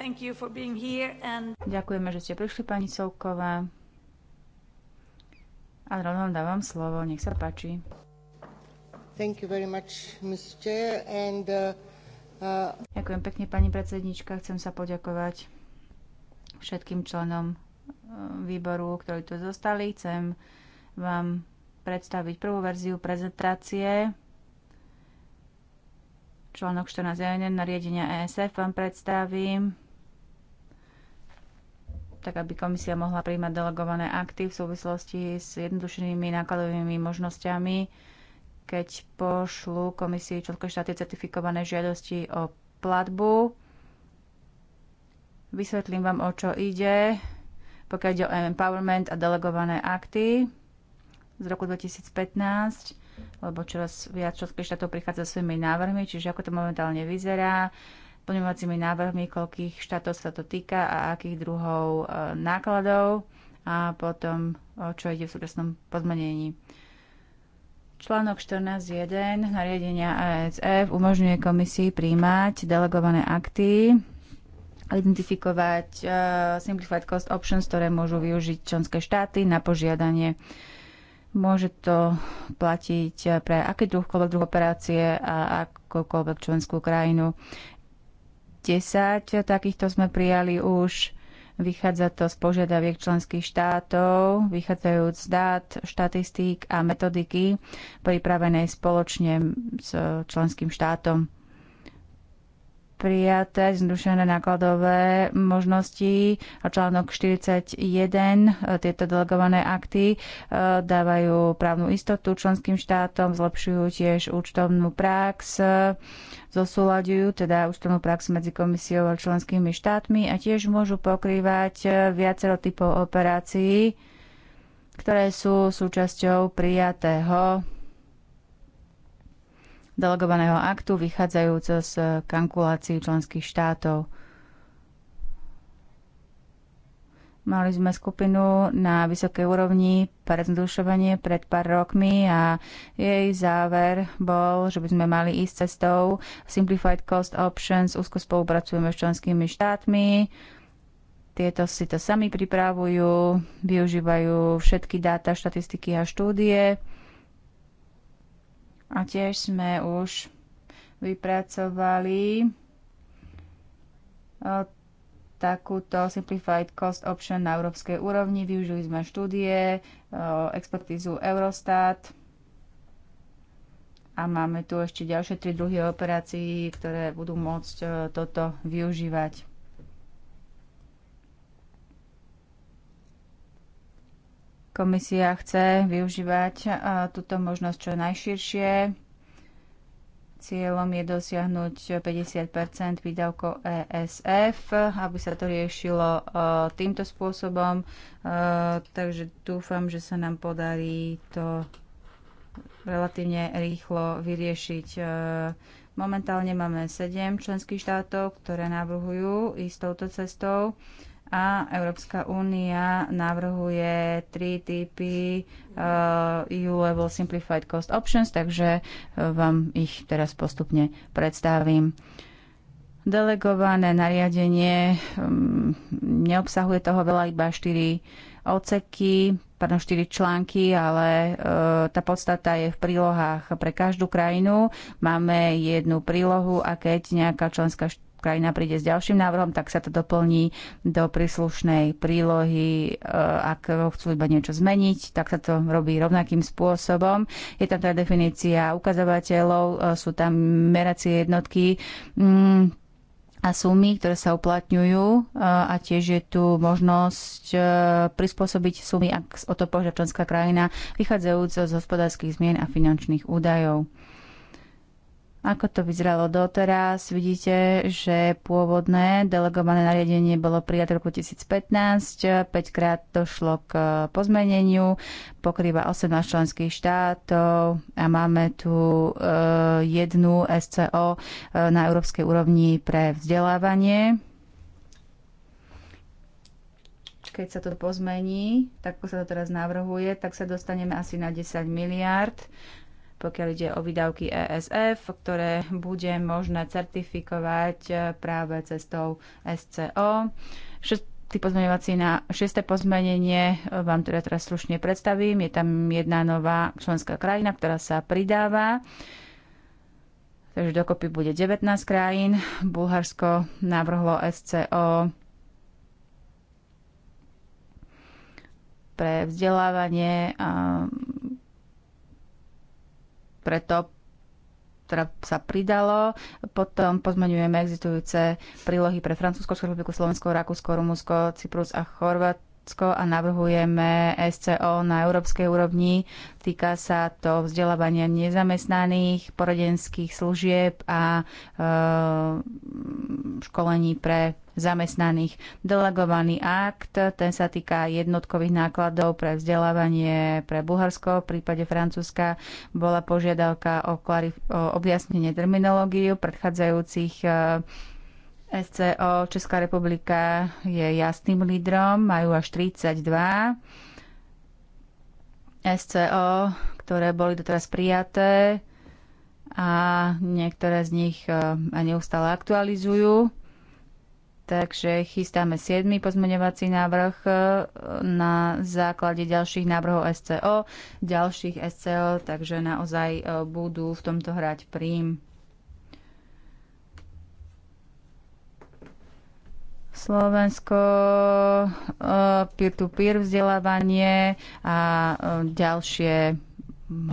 and... Ďakujeme, že ste prišli, pani Sovková A rovno dávam slovo, nech sa páči. Thank you very much, Chair, and, uh, uh... Ďakujem pekne, pani predsednička. Chcem sa poďakovať všetkým členom uh, výboru, ktorí tu zostali. Chcem vám predstaviť prvú verziu prezentácie. Článok 14.1 nariadenia ESF vám predstavím tak aby komisia mohla príjmať delegované akty v súvislosti s jednodušenými nákladovými možnosťami, keď pošlu komisii členské štáty certifikované žiadosti o platbu. Vysvetlím vám, o čo ide, pokiaľ ide o empowerment a delegované akty z roku 2015, lebo čoraz viac členských štátov prichádza svojimi návrhmi, čiže ako to momentálne vyzerá plňovacími návrhmi, koľkých štátov sa to týka a akých druhov e, nákladov a potom, e, čo ide v súčasnom pozmenení. Článok 14.1 nariadenia ASF umožňuje komisii príjmať delegované akty identifikovať uh, e, simplified cost options, ktoré môžu využiť členské štáty na požiadanie. Môže to platiť pre aký druh druh operácie a akúkoľvek členskú krajinu. 10 takýchto sme prijali už. Vychádza to z požiadaviek členských štátov, vychádzajúc z dát, štatistík a metodiky pripravenej spoločne s členským štátom. Prijaté zrušené nákladové možnosti a článok 41, tieto delegované akty e, dávajú právnu istotu členským štátom, zlepšujú tiež účtovnú prax, zosúľadujú, teda účtovnú prax medzi komisiou a členskými štátmi a tiež môžu pokrývať e, viacero typov operácií, ktoré sú súčasťou prijatého delegovaného aktu vychádzajúco z kankulácií členských štátov. Mali sme skupinu na vysokej úrovni pre zdušovanie pred pár rokmi a jej záver bol, že by sme mali ísť cestou Simplified Cost Options. Úzko spolupracujeme s členskými štátmi. Tieto si to sami pripravujú, využívajú všetky dáta, štatistiky a štúdie. A tiež sme už vypracovali eh, takúto Simplified Cost Option na európskej úrovni. Využili sme štúdie, expertizu Eurostat a máme tu ešte ďalšie tri druhy operácií, ktoré budú môcť e, toto využívať. Komisia chce využívať e, túto možnosť čo najširšie Cieľom je dosiahnuť 50 výdavkov ESF, aby sa to riešilo e, týmto spôsobom. E, takže dúfam, že sa nám podarí to relatívne rýchlo vyriešiť. E, momentálne máme 7 členských štátov, ktoré navrhujú ísť touto cestou a Európska únia navrhuje tri typy uh, EU Level Simplified Cost Options, takže eh, vám ich teraz postupne predstavím. Delegované nariadenie um, neobsahuje toho veľa, iba štyri odseky, pardon, štyri články, ale uh, tá podstata je v prílohách pre každú krajinu. Máme jednu prílohu a keď nejaká členská št- krajina príde s ďalším návrhom, tak sa to doplní do príslušnej prílohy. E, ak chcú iba niečo zmeniť, tak sa to robí rovnakým spôsobom. Je tam teda definícia ukazovateľov, e, sú tam meracie jednotky mm, a sumy, ktoré sa uplatňujú e, a tiež je tu možnosť prispôsobiť sumy, ak o to požiada členská krajina, vychádzajúc z hospodárskych zmien a finančných údajov. Ako to vyzeralo doteraz? Vidíte, že pôvodné delegované nariadenie bolo prijaté v roku 2015, 5 krát došlo k pozmeneniu, pokrýva 18 členských štátov a máme tu eh, jednu SCO eh, na európskej úrovni pre vzdelávanie. Keď sa to pozmení, tak ako sa to teraz navrhuje, tak sa dostaneme asi na 10 miliárd pokiaľ ide o výdavky ESF, ktoré bude možné certifikovať e, práve cestou SCO. pozmeňovací na pozmenenie e, vám teda teraz slušne predstavím. Je tam jedna nová členská krajina, ktorá sa pridáva. Takže dokopy bude 19 krajín. Bulharsko navrhlo SCO pre vzdelávanie preto teda sa pridalo. Potom pozmeňujeme existujúce prílohy pre Francúzsko, Českú republiku, Slovensko, Rakúsko, Rumunsko, Cyprus a Chorvátsko Slovensko a navrhujeme SCO na európskej úrovni. Týka sa to vzdelávania nezamestnaných, poradenských služieb a e, školení pre zamestnaných. Delegovaný akt, ten sa týka jednotkových nákladov pre vzdelávanie pre Bulharsko. V prípade Francúzska bola požiadavka o, klarif- o objasnenie terminológiu predchádzajúcich e, SCO Česká republika je jasným lídrom, majú až 32 SCO, ktoré boli doteraz prijaté a niektoré z nich e, neustále aktualizujú. Takže chystáme 7. pozmeňovací návrh e, na základe ďalších návrhov SCO, ďalších SCO, takže naozaj e, budú v tomto hrať príjm. Slovensko, eh, peer-to-peer -peer vzdelávanie a eh, ďalšie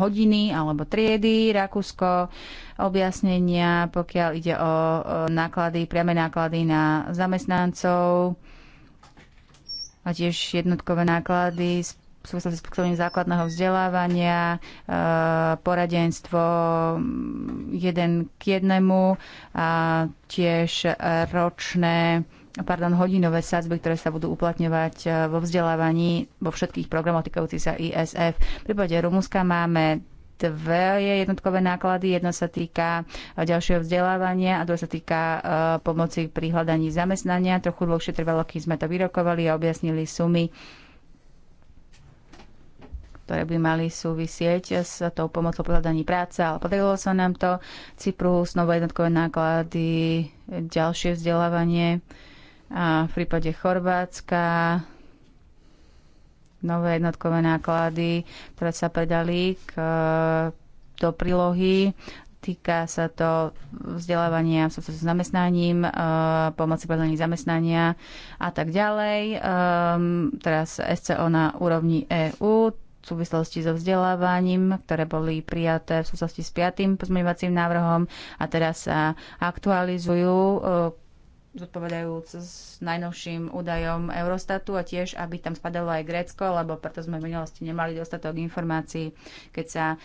hodiny alebo triedy, Rakúsko, objasnenia, pokiaľ ide o eh, náklady, priame náklady na zamestnancov a tiež jednotkové náklady v súvislosti s poskytovaním základného vzdelávania, poradenstvo mm, jeden k jednému a tiež ročné pardon, hodinové sadzby, ktoré sa budú uplatňovať e, vo vzdelávaní vo všetkých programoch týkajúcich sa ISF. V prípade Rumúnska máme dve jednotkové náklady. Jedno sa týka e, ďalšieho vzdelávania a druhé sa týka e, pomoci pri hľadaní zamestnania. Trochu dlhšie trvalo, kým sme to vyrokovali a objasnili sumy ktoré by mali súvisieť s tou pomocou pri hľadaní práce, ale podarilo sa nám to. Cyprus, nové jednotkové náklady, ďalšie vzdelávanie. A v prípade Chorvátska nové jednotkové náklady, ktoré sa predali k, e, do prílohy. Týka sa to vzdelávania v súvislosti s zamestnaním, e, pomoci predlení zamestnania a tak ďalej. Ehm, teraz SCO na úrovni EÚ v súvislosti so vzdelávaním, ktoré boli prijaté v súvislosti s piatým pozmeňovacím návrhom a teraz sa aktualizujú e, zodpovedajúc s najnovším údajom Eurostatu a tiež, aby tam spadalo aj Grécko, lebo preto sme v minulosti nemali dostatok informácií, keď sa e,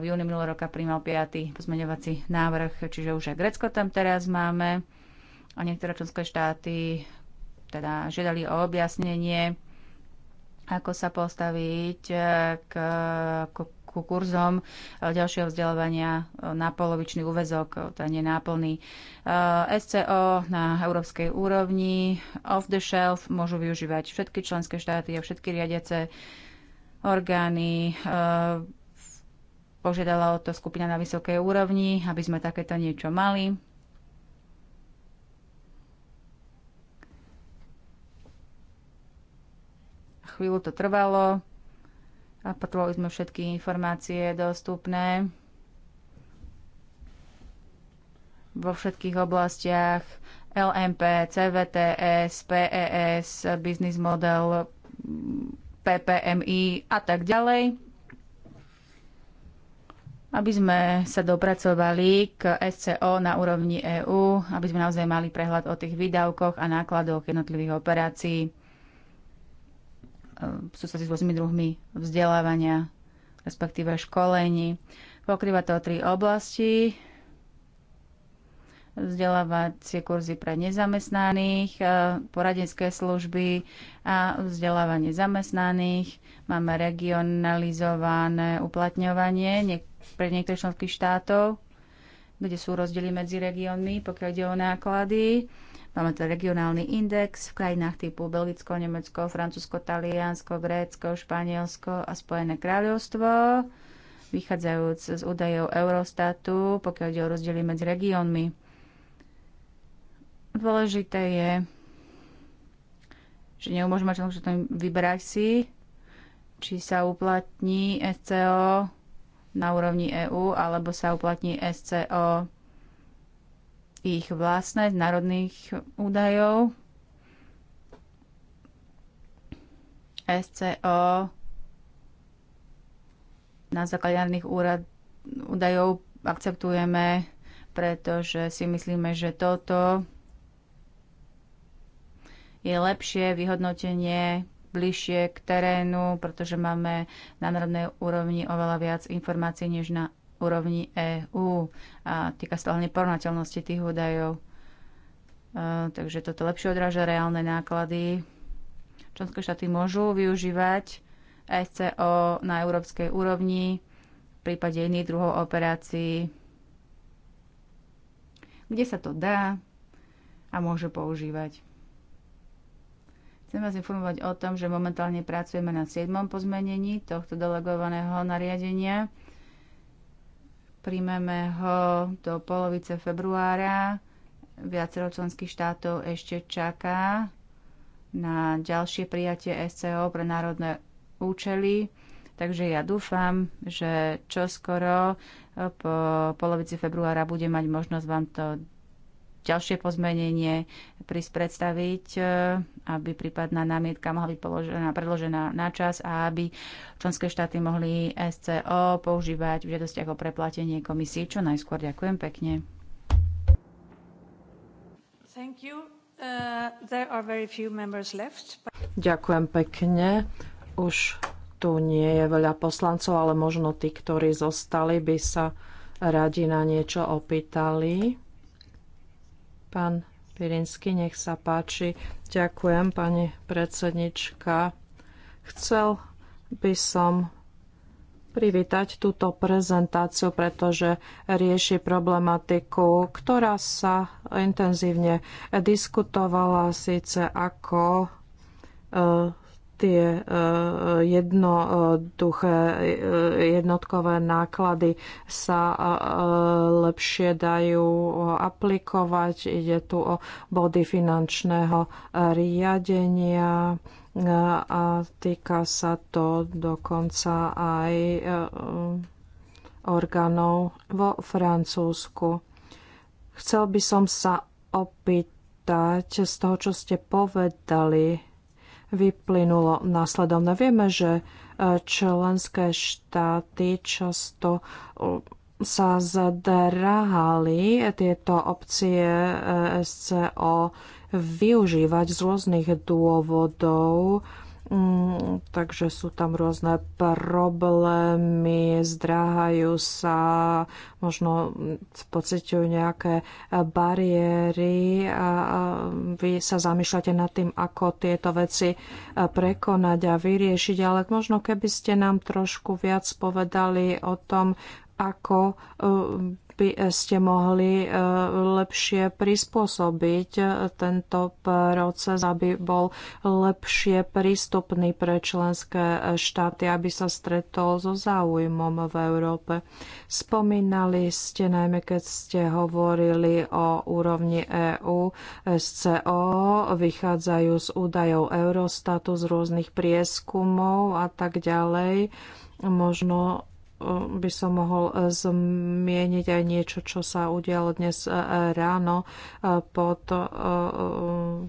v júni minulého roka príjmal 5. pozmeňovací návrh, čiže už aj Grécko tam teraz máme a niektoré členské štáty teda žiadali o objasnenie, ako sa postaviť e, k, k ku kurzom eh, ďalšieho vzdelávania eh, na polovičný úvezok, eh, teda nenáplný. SCO na európskej úrovni, off the shelf, môžu využívať všetky členské štáty a všetky riadiace orgány. Požiadala o to skupina na vysokej úrovni, aby sme takéto niečo mali. Chvíľu to trvalo a potrebovali sme všetky informácie dostupné vo všetkých oblastiach LMP, CVTS, PES, business model, PPMI a tak ďalej aby sme sa dopracovali k SCO na úrovni EÚ, aby sme naozaj mali prehľad o tých výdavkoch a nákladoch jednotlivých operácií v súvislosti s rôznymi druhmi vzdelávania, respektíve školení. Pokrýva to tri oblasti. Vzdelávacie kurzy pre nezamestnaných, e, poradenské služby a vzdelávanie zamestnaných. Máme regionalizované uplatňovanie pre niektorých členských štátov, kde sú rozdiely medzi regiónmi, pokiaľ ide o náklady. Máme tu regionálny index v krajinách typu Belgicko, Nemecko, Francúzsko, Taliansko, Grécko, Španielsko a Spojené kráľovstvo, vychádzajúc z údajov Eurostatu, pokiaľ ide o rozdiely medzi regiónmi. Dôležité je, že nemôžeme členkom vybrať si, či sa uplatní SCO na úrovni EÚ alebo sa uplatní SCO ich vlastné národných údajov. SCO na základe národných údajov akceptujeme, pretože si myslíme, že toto je lepšie vyhodnotenie bližšie k terénu, pretože máme na národnej úrovni oveľa viac informácií než na úrovni EÚ a týka sa hlavne porovnateľnosti tých údajov. E, takže toto lepšie odráža reálne náklady. Členské štáty môžu využívať SCO e na európskej úrovni v prípade iných druhov operácií, kde sa to dá a môže používať. Chcem vás informovať o tom, že momentálne pracujeme na 7. pozmenení tohto delegovaného nariadenia Príjmeme ho do polovice februára. Viacero členských štátov ešte čaká na ďalšie prijatie SCO pre národné účely. Takže ja dúfam, že čoskoro po polovici februára bude mať možnosť vám to ďalšie pozmenenie prísť predstaviť, e, aby prípadná námietka mohla byť položená, predložená na čas a aby členské štáty mohli SCO používať v žiadostiach o preplatenie komisii čo najskôr. Ďakujem pekne. Thank you. Uh, there are very few members left. But... Ďakujem pekne. Už tu nie je veľa poslancov, ale možno tí, ktorí zostali, by sa radi na niečo opýtali. Pán Pirinsky, nech sa páči. Ďakujem, pani predsednička. Chcel by som privítať túto prezentáciu, pretože rieši problematiku, ktorá sa intenzívne diskutovala síce ako e, tie e, jednoduché e, jednotkové náklady sa e, lepšie dajú aplikovať. Ide tu o body finančného riadenia a týka sa to dokonca aj orgánov vo Francúzsku. Chcel by som sa opýtať z toho, čo ste povedali, vyplynulo následovne. Vieme, že e, členské štáty často sa zdráhali tieto opcie e, SCO využívať z rôznych dôvodov Mm, takže sú tam rôzne problémy, zdráhajú sa, možno mm, pociťujú nejaké bariéry a vy sa zamýšľate nad tým, ako tieto veci e, prekonať a vyriešiť, ale možno keby ste nám trošku viac povedali o tom, ako e, by ste mohli e, lepšie prispôsobiť e, tento proces, aby bol lepšie prístupný pre členské štáty, aby sa stretol so záujmom v Európe. Spomínali ste najmä, keď ste hovorili o úrovni EU SCO vychádzajú z údajov Eurostatu, z rôznych prieskumov a tak ďalej. Možno by som mohol zmieniť aj niečo, čo sa udialo dnes e, ráno e, pod e,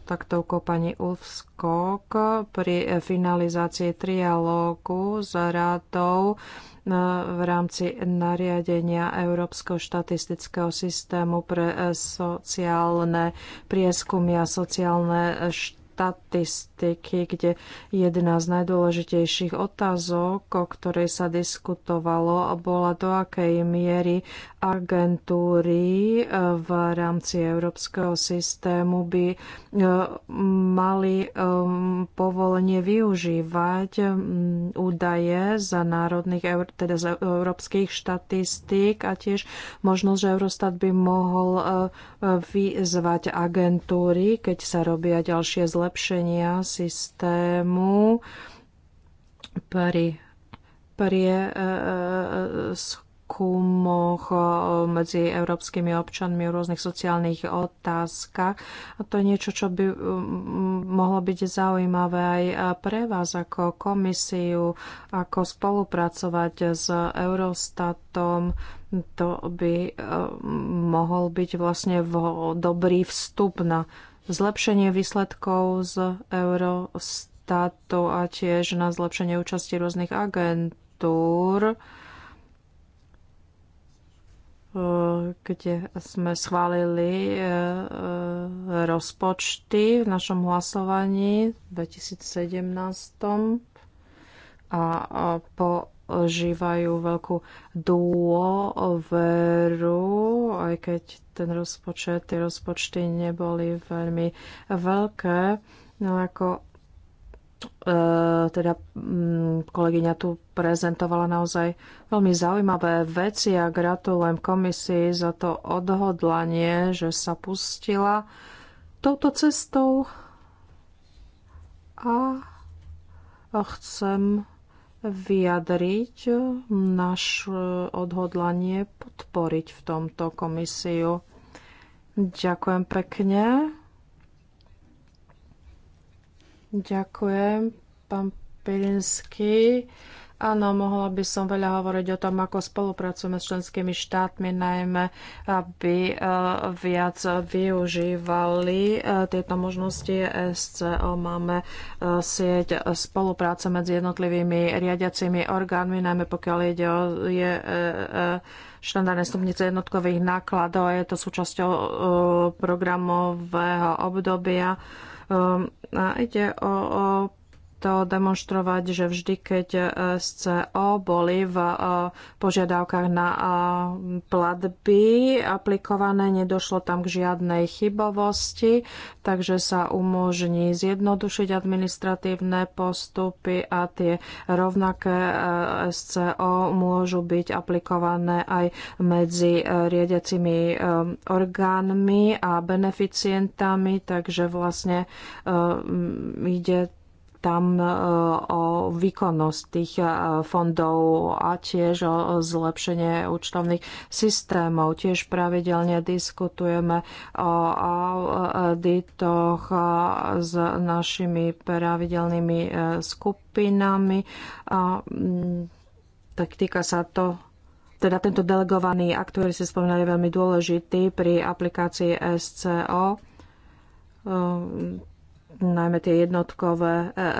takto kopaní Ulfskok pri finalizácii trialógu s radou v rámci nariadenia Európskeho štatistického systému pre sociálne prieskumy a sociálne štatistiky štatistiky, kde jedna z najdôležitejších otázok, o ktorej sa diskutovalo, bola do akej miery agentúry e, v rámci európskeho systému by e, mali e, povolenie využívať údaje za národných, teda za európskych štatistík a tiež možnosť, že Eurostat by mohol vyzvať agentúry, keď sa robia ďalšie zlepšenia zlepšenia systému pri skúmoch eh, medzi európskymi občanmi v rôznych sociálnych otázkach. A to je niečo, čo by mm, mohlo byť zaujímavé aj pre vás ako komisiu, ako spolupracovať s Eurostatom. To by eh, mohol byť vlastne dobrý vstup na zlepšenie výsledkov z Eurostatu a tiež na zlepšenie účasti rôznych agentúr e, kde sme schválili e, e, rozpočty v našom hlasovaní v 2017 a po ožívajú veľkú dôveru, aj keď ten rozpočet, tie rozpočty neboli veľmi veľké. No ako e, teda mm, kolegyňa tu prezentovala naozaj veľmi zaujímavé veci a gratulujem komisii za to odhodlanie, že sa pustila touto cestou a chcem vyjadriť naše odhodlanie podporiť v tomto komisiu. Ďakujem pekne. Ďakujem, pán Pilinský. Áno, mohla by som veľa hovoriť o tom, ako spolupracujeme s členskými štátmi, najmä aby e, viac využívali e, tieto možnosti SCO. Máme e, sieť spolupráce medzi jednotlivými riadiacimi orgánmi, najmä pokiaľ ide o je, štandardné stupnice jednotkových nákladov a je to súčasťou programového obdobia. A ide o, o to demonstrovať, že vždy, keď e, SCO boli v e, požiadavkách na e, platby aplikované, nedošlo tam k žiadnej chybovosti, takže sa umožní zjednodušiť administratívne postupy a tie rovnaké SCO môžu byť aplikované aj medzi riadiacimi orgánmi a beneficientami, takže vlastne ide tam e, o výkonnosť tých e, fondov a tiež o zlepšenie účtovných systémov. Tiež pravidelne diskutujeme o auditoch e, s našimi pravidelnými skupinami. Mm, tak týka sa to teda tento delegovaný akt, ktorý ste spomínali, je veľmi dôležitý pri aplikácii SCO najmä tie jednotkové e, e,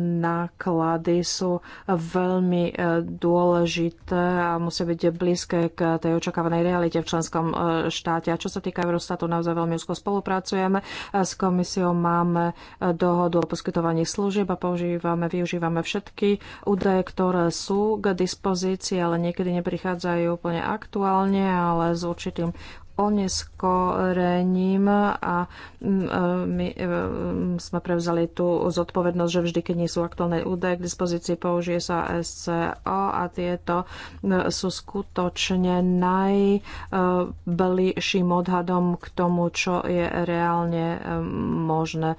náklady sú veľmi e, dôležité a musia byť blízke k tej očakávanej realite v členskom štáte. A čo sa týka Eurostatu, naozaj veľmi úzko spolupracujeme. S komisiou máme dohodu o poskytovaní služieb a používame, využívame všetky údaje, ktoré sú k dispozícii, ale niekedy neprichádzajú úplne aktuálne, ale s určitým oneskorením a mm, e, my e, mm, sme prevzali tú zodpovednosť, že vždy, keď nie sú aktuálne údaje k dispozícii, použije sa SCO a tieto mm, sú skutočne najbližším odhadom k tomu, čo je reálne e, možné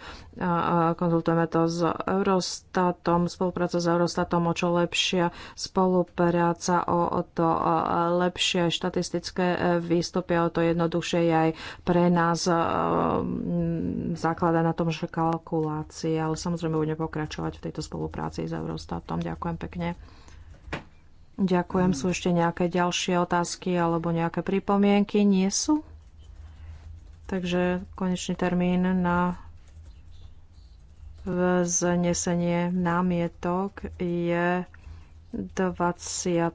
konzultujeme to s Eurostatom, spolupráca s Eurostatom, o čo lepšia spolupráca, o, o to lepšie štatistické e, výstupy, o to jednoduchšie je aj pre nás e, základa na tom, že kalkulácie, ale samozrejme budeme pokračovať v tejto spolupráci s Eurostatom. Ďakujem pekne. Ďakujem. Sú ešte nejaké ďalšie otázky alebo nejaké pripomienky? Nie sú? Takže konečný termín na vznesenie námietok je 25.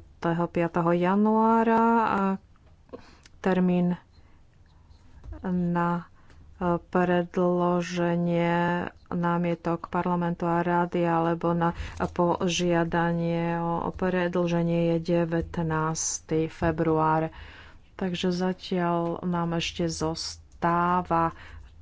januára a termín na predloženie námietok parlamentu a rady alebo na požiadanie o predlženie je 19. február. Takže zatiaľ nám ešte zostáva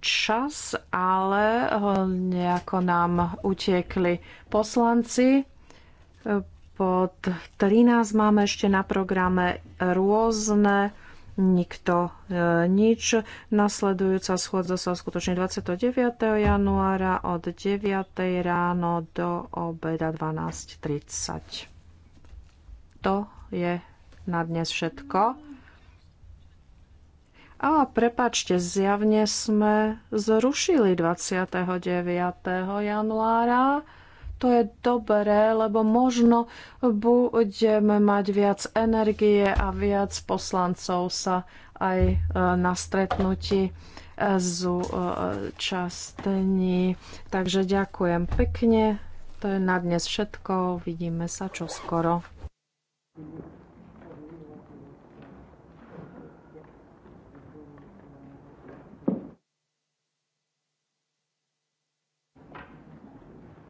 čas, ale eh, nejako nám utiekli poslanci. Eh, pod 13 máme ešte na programe rôzne nikto e, nič. Nasledujúca schôdza sa skutočne 29. januára od 9. ráno do obeda 12.30. To je na dnes všetko. A prepačte, zjavne sme zrušili 29. januára. To je dobré, lebo možno budeme mať viac energie a viac poslancov sa aj e, na stretnutí e, zúčastní. E, Takže ďakujem pekne. To je na dnes všetko. Vidíme sa čoskoro.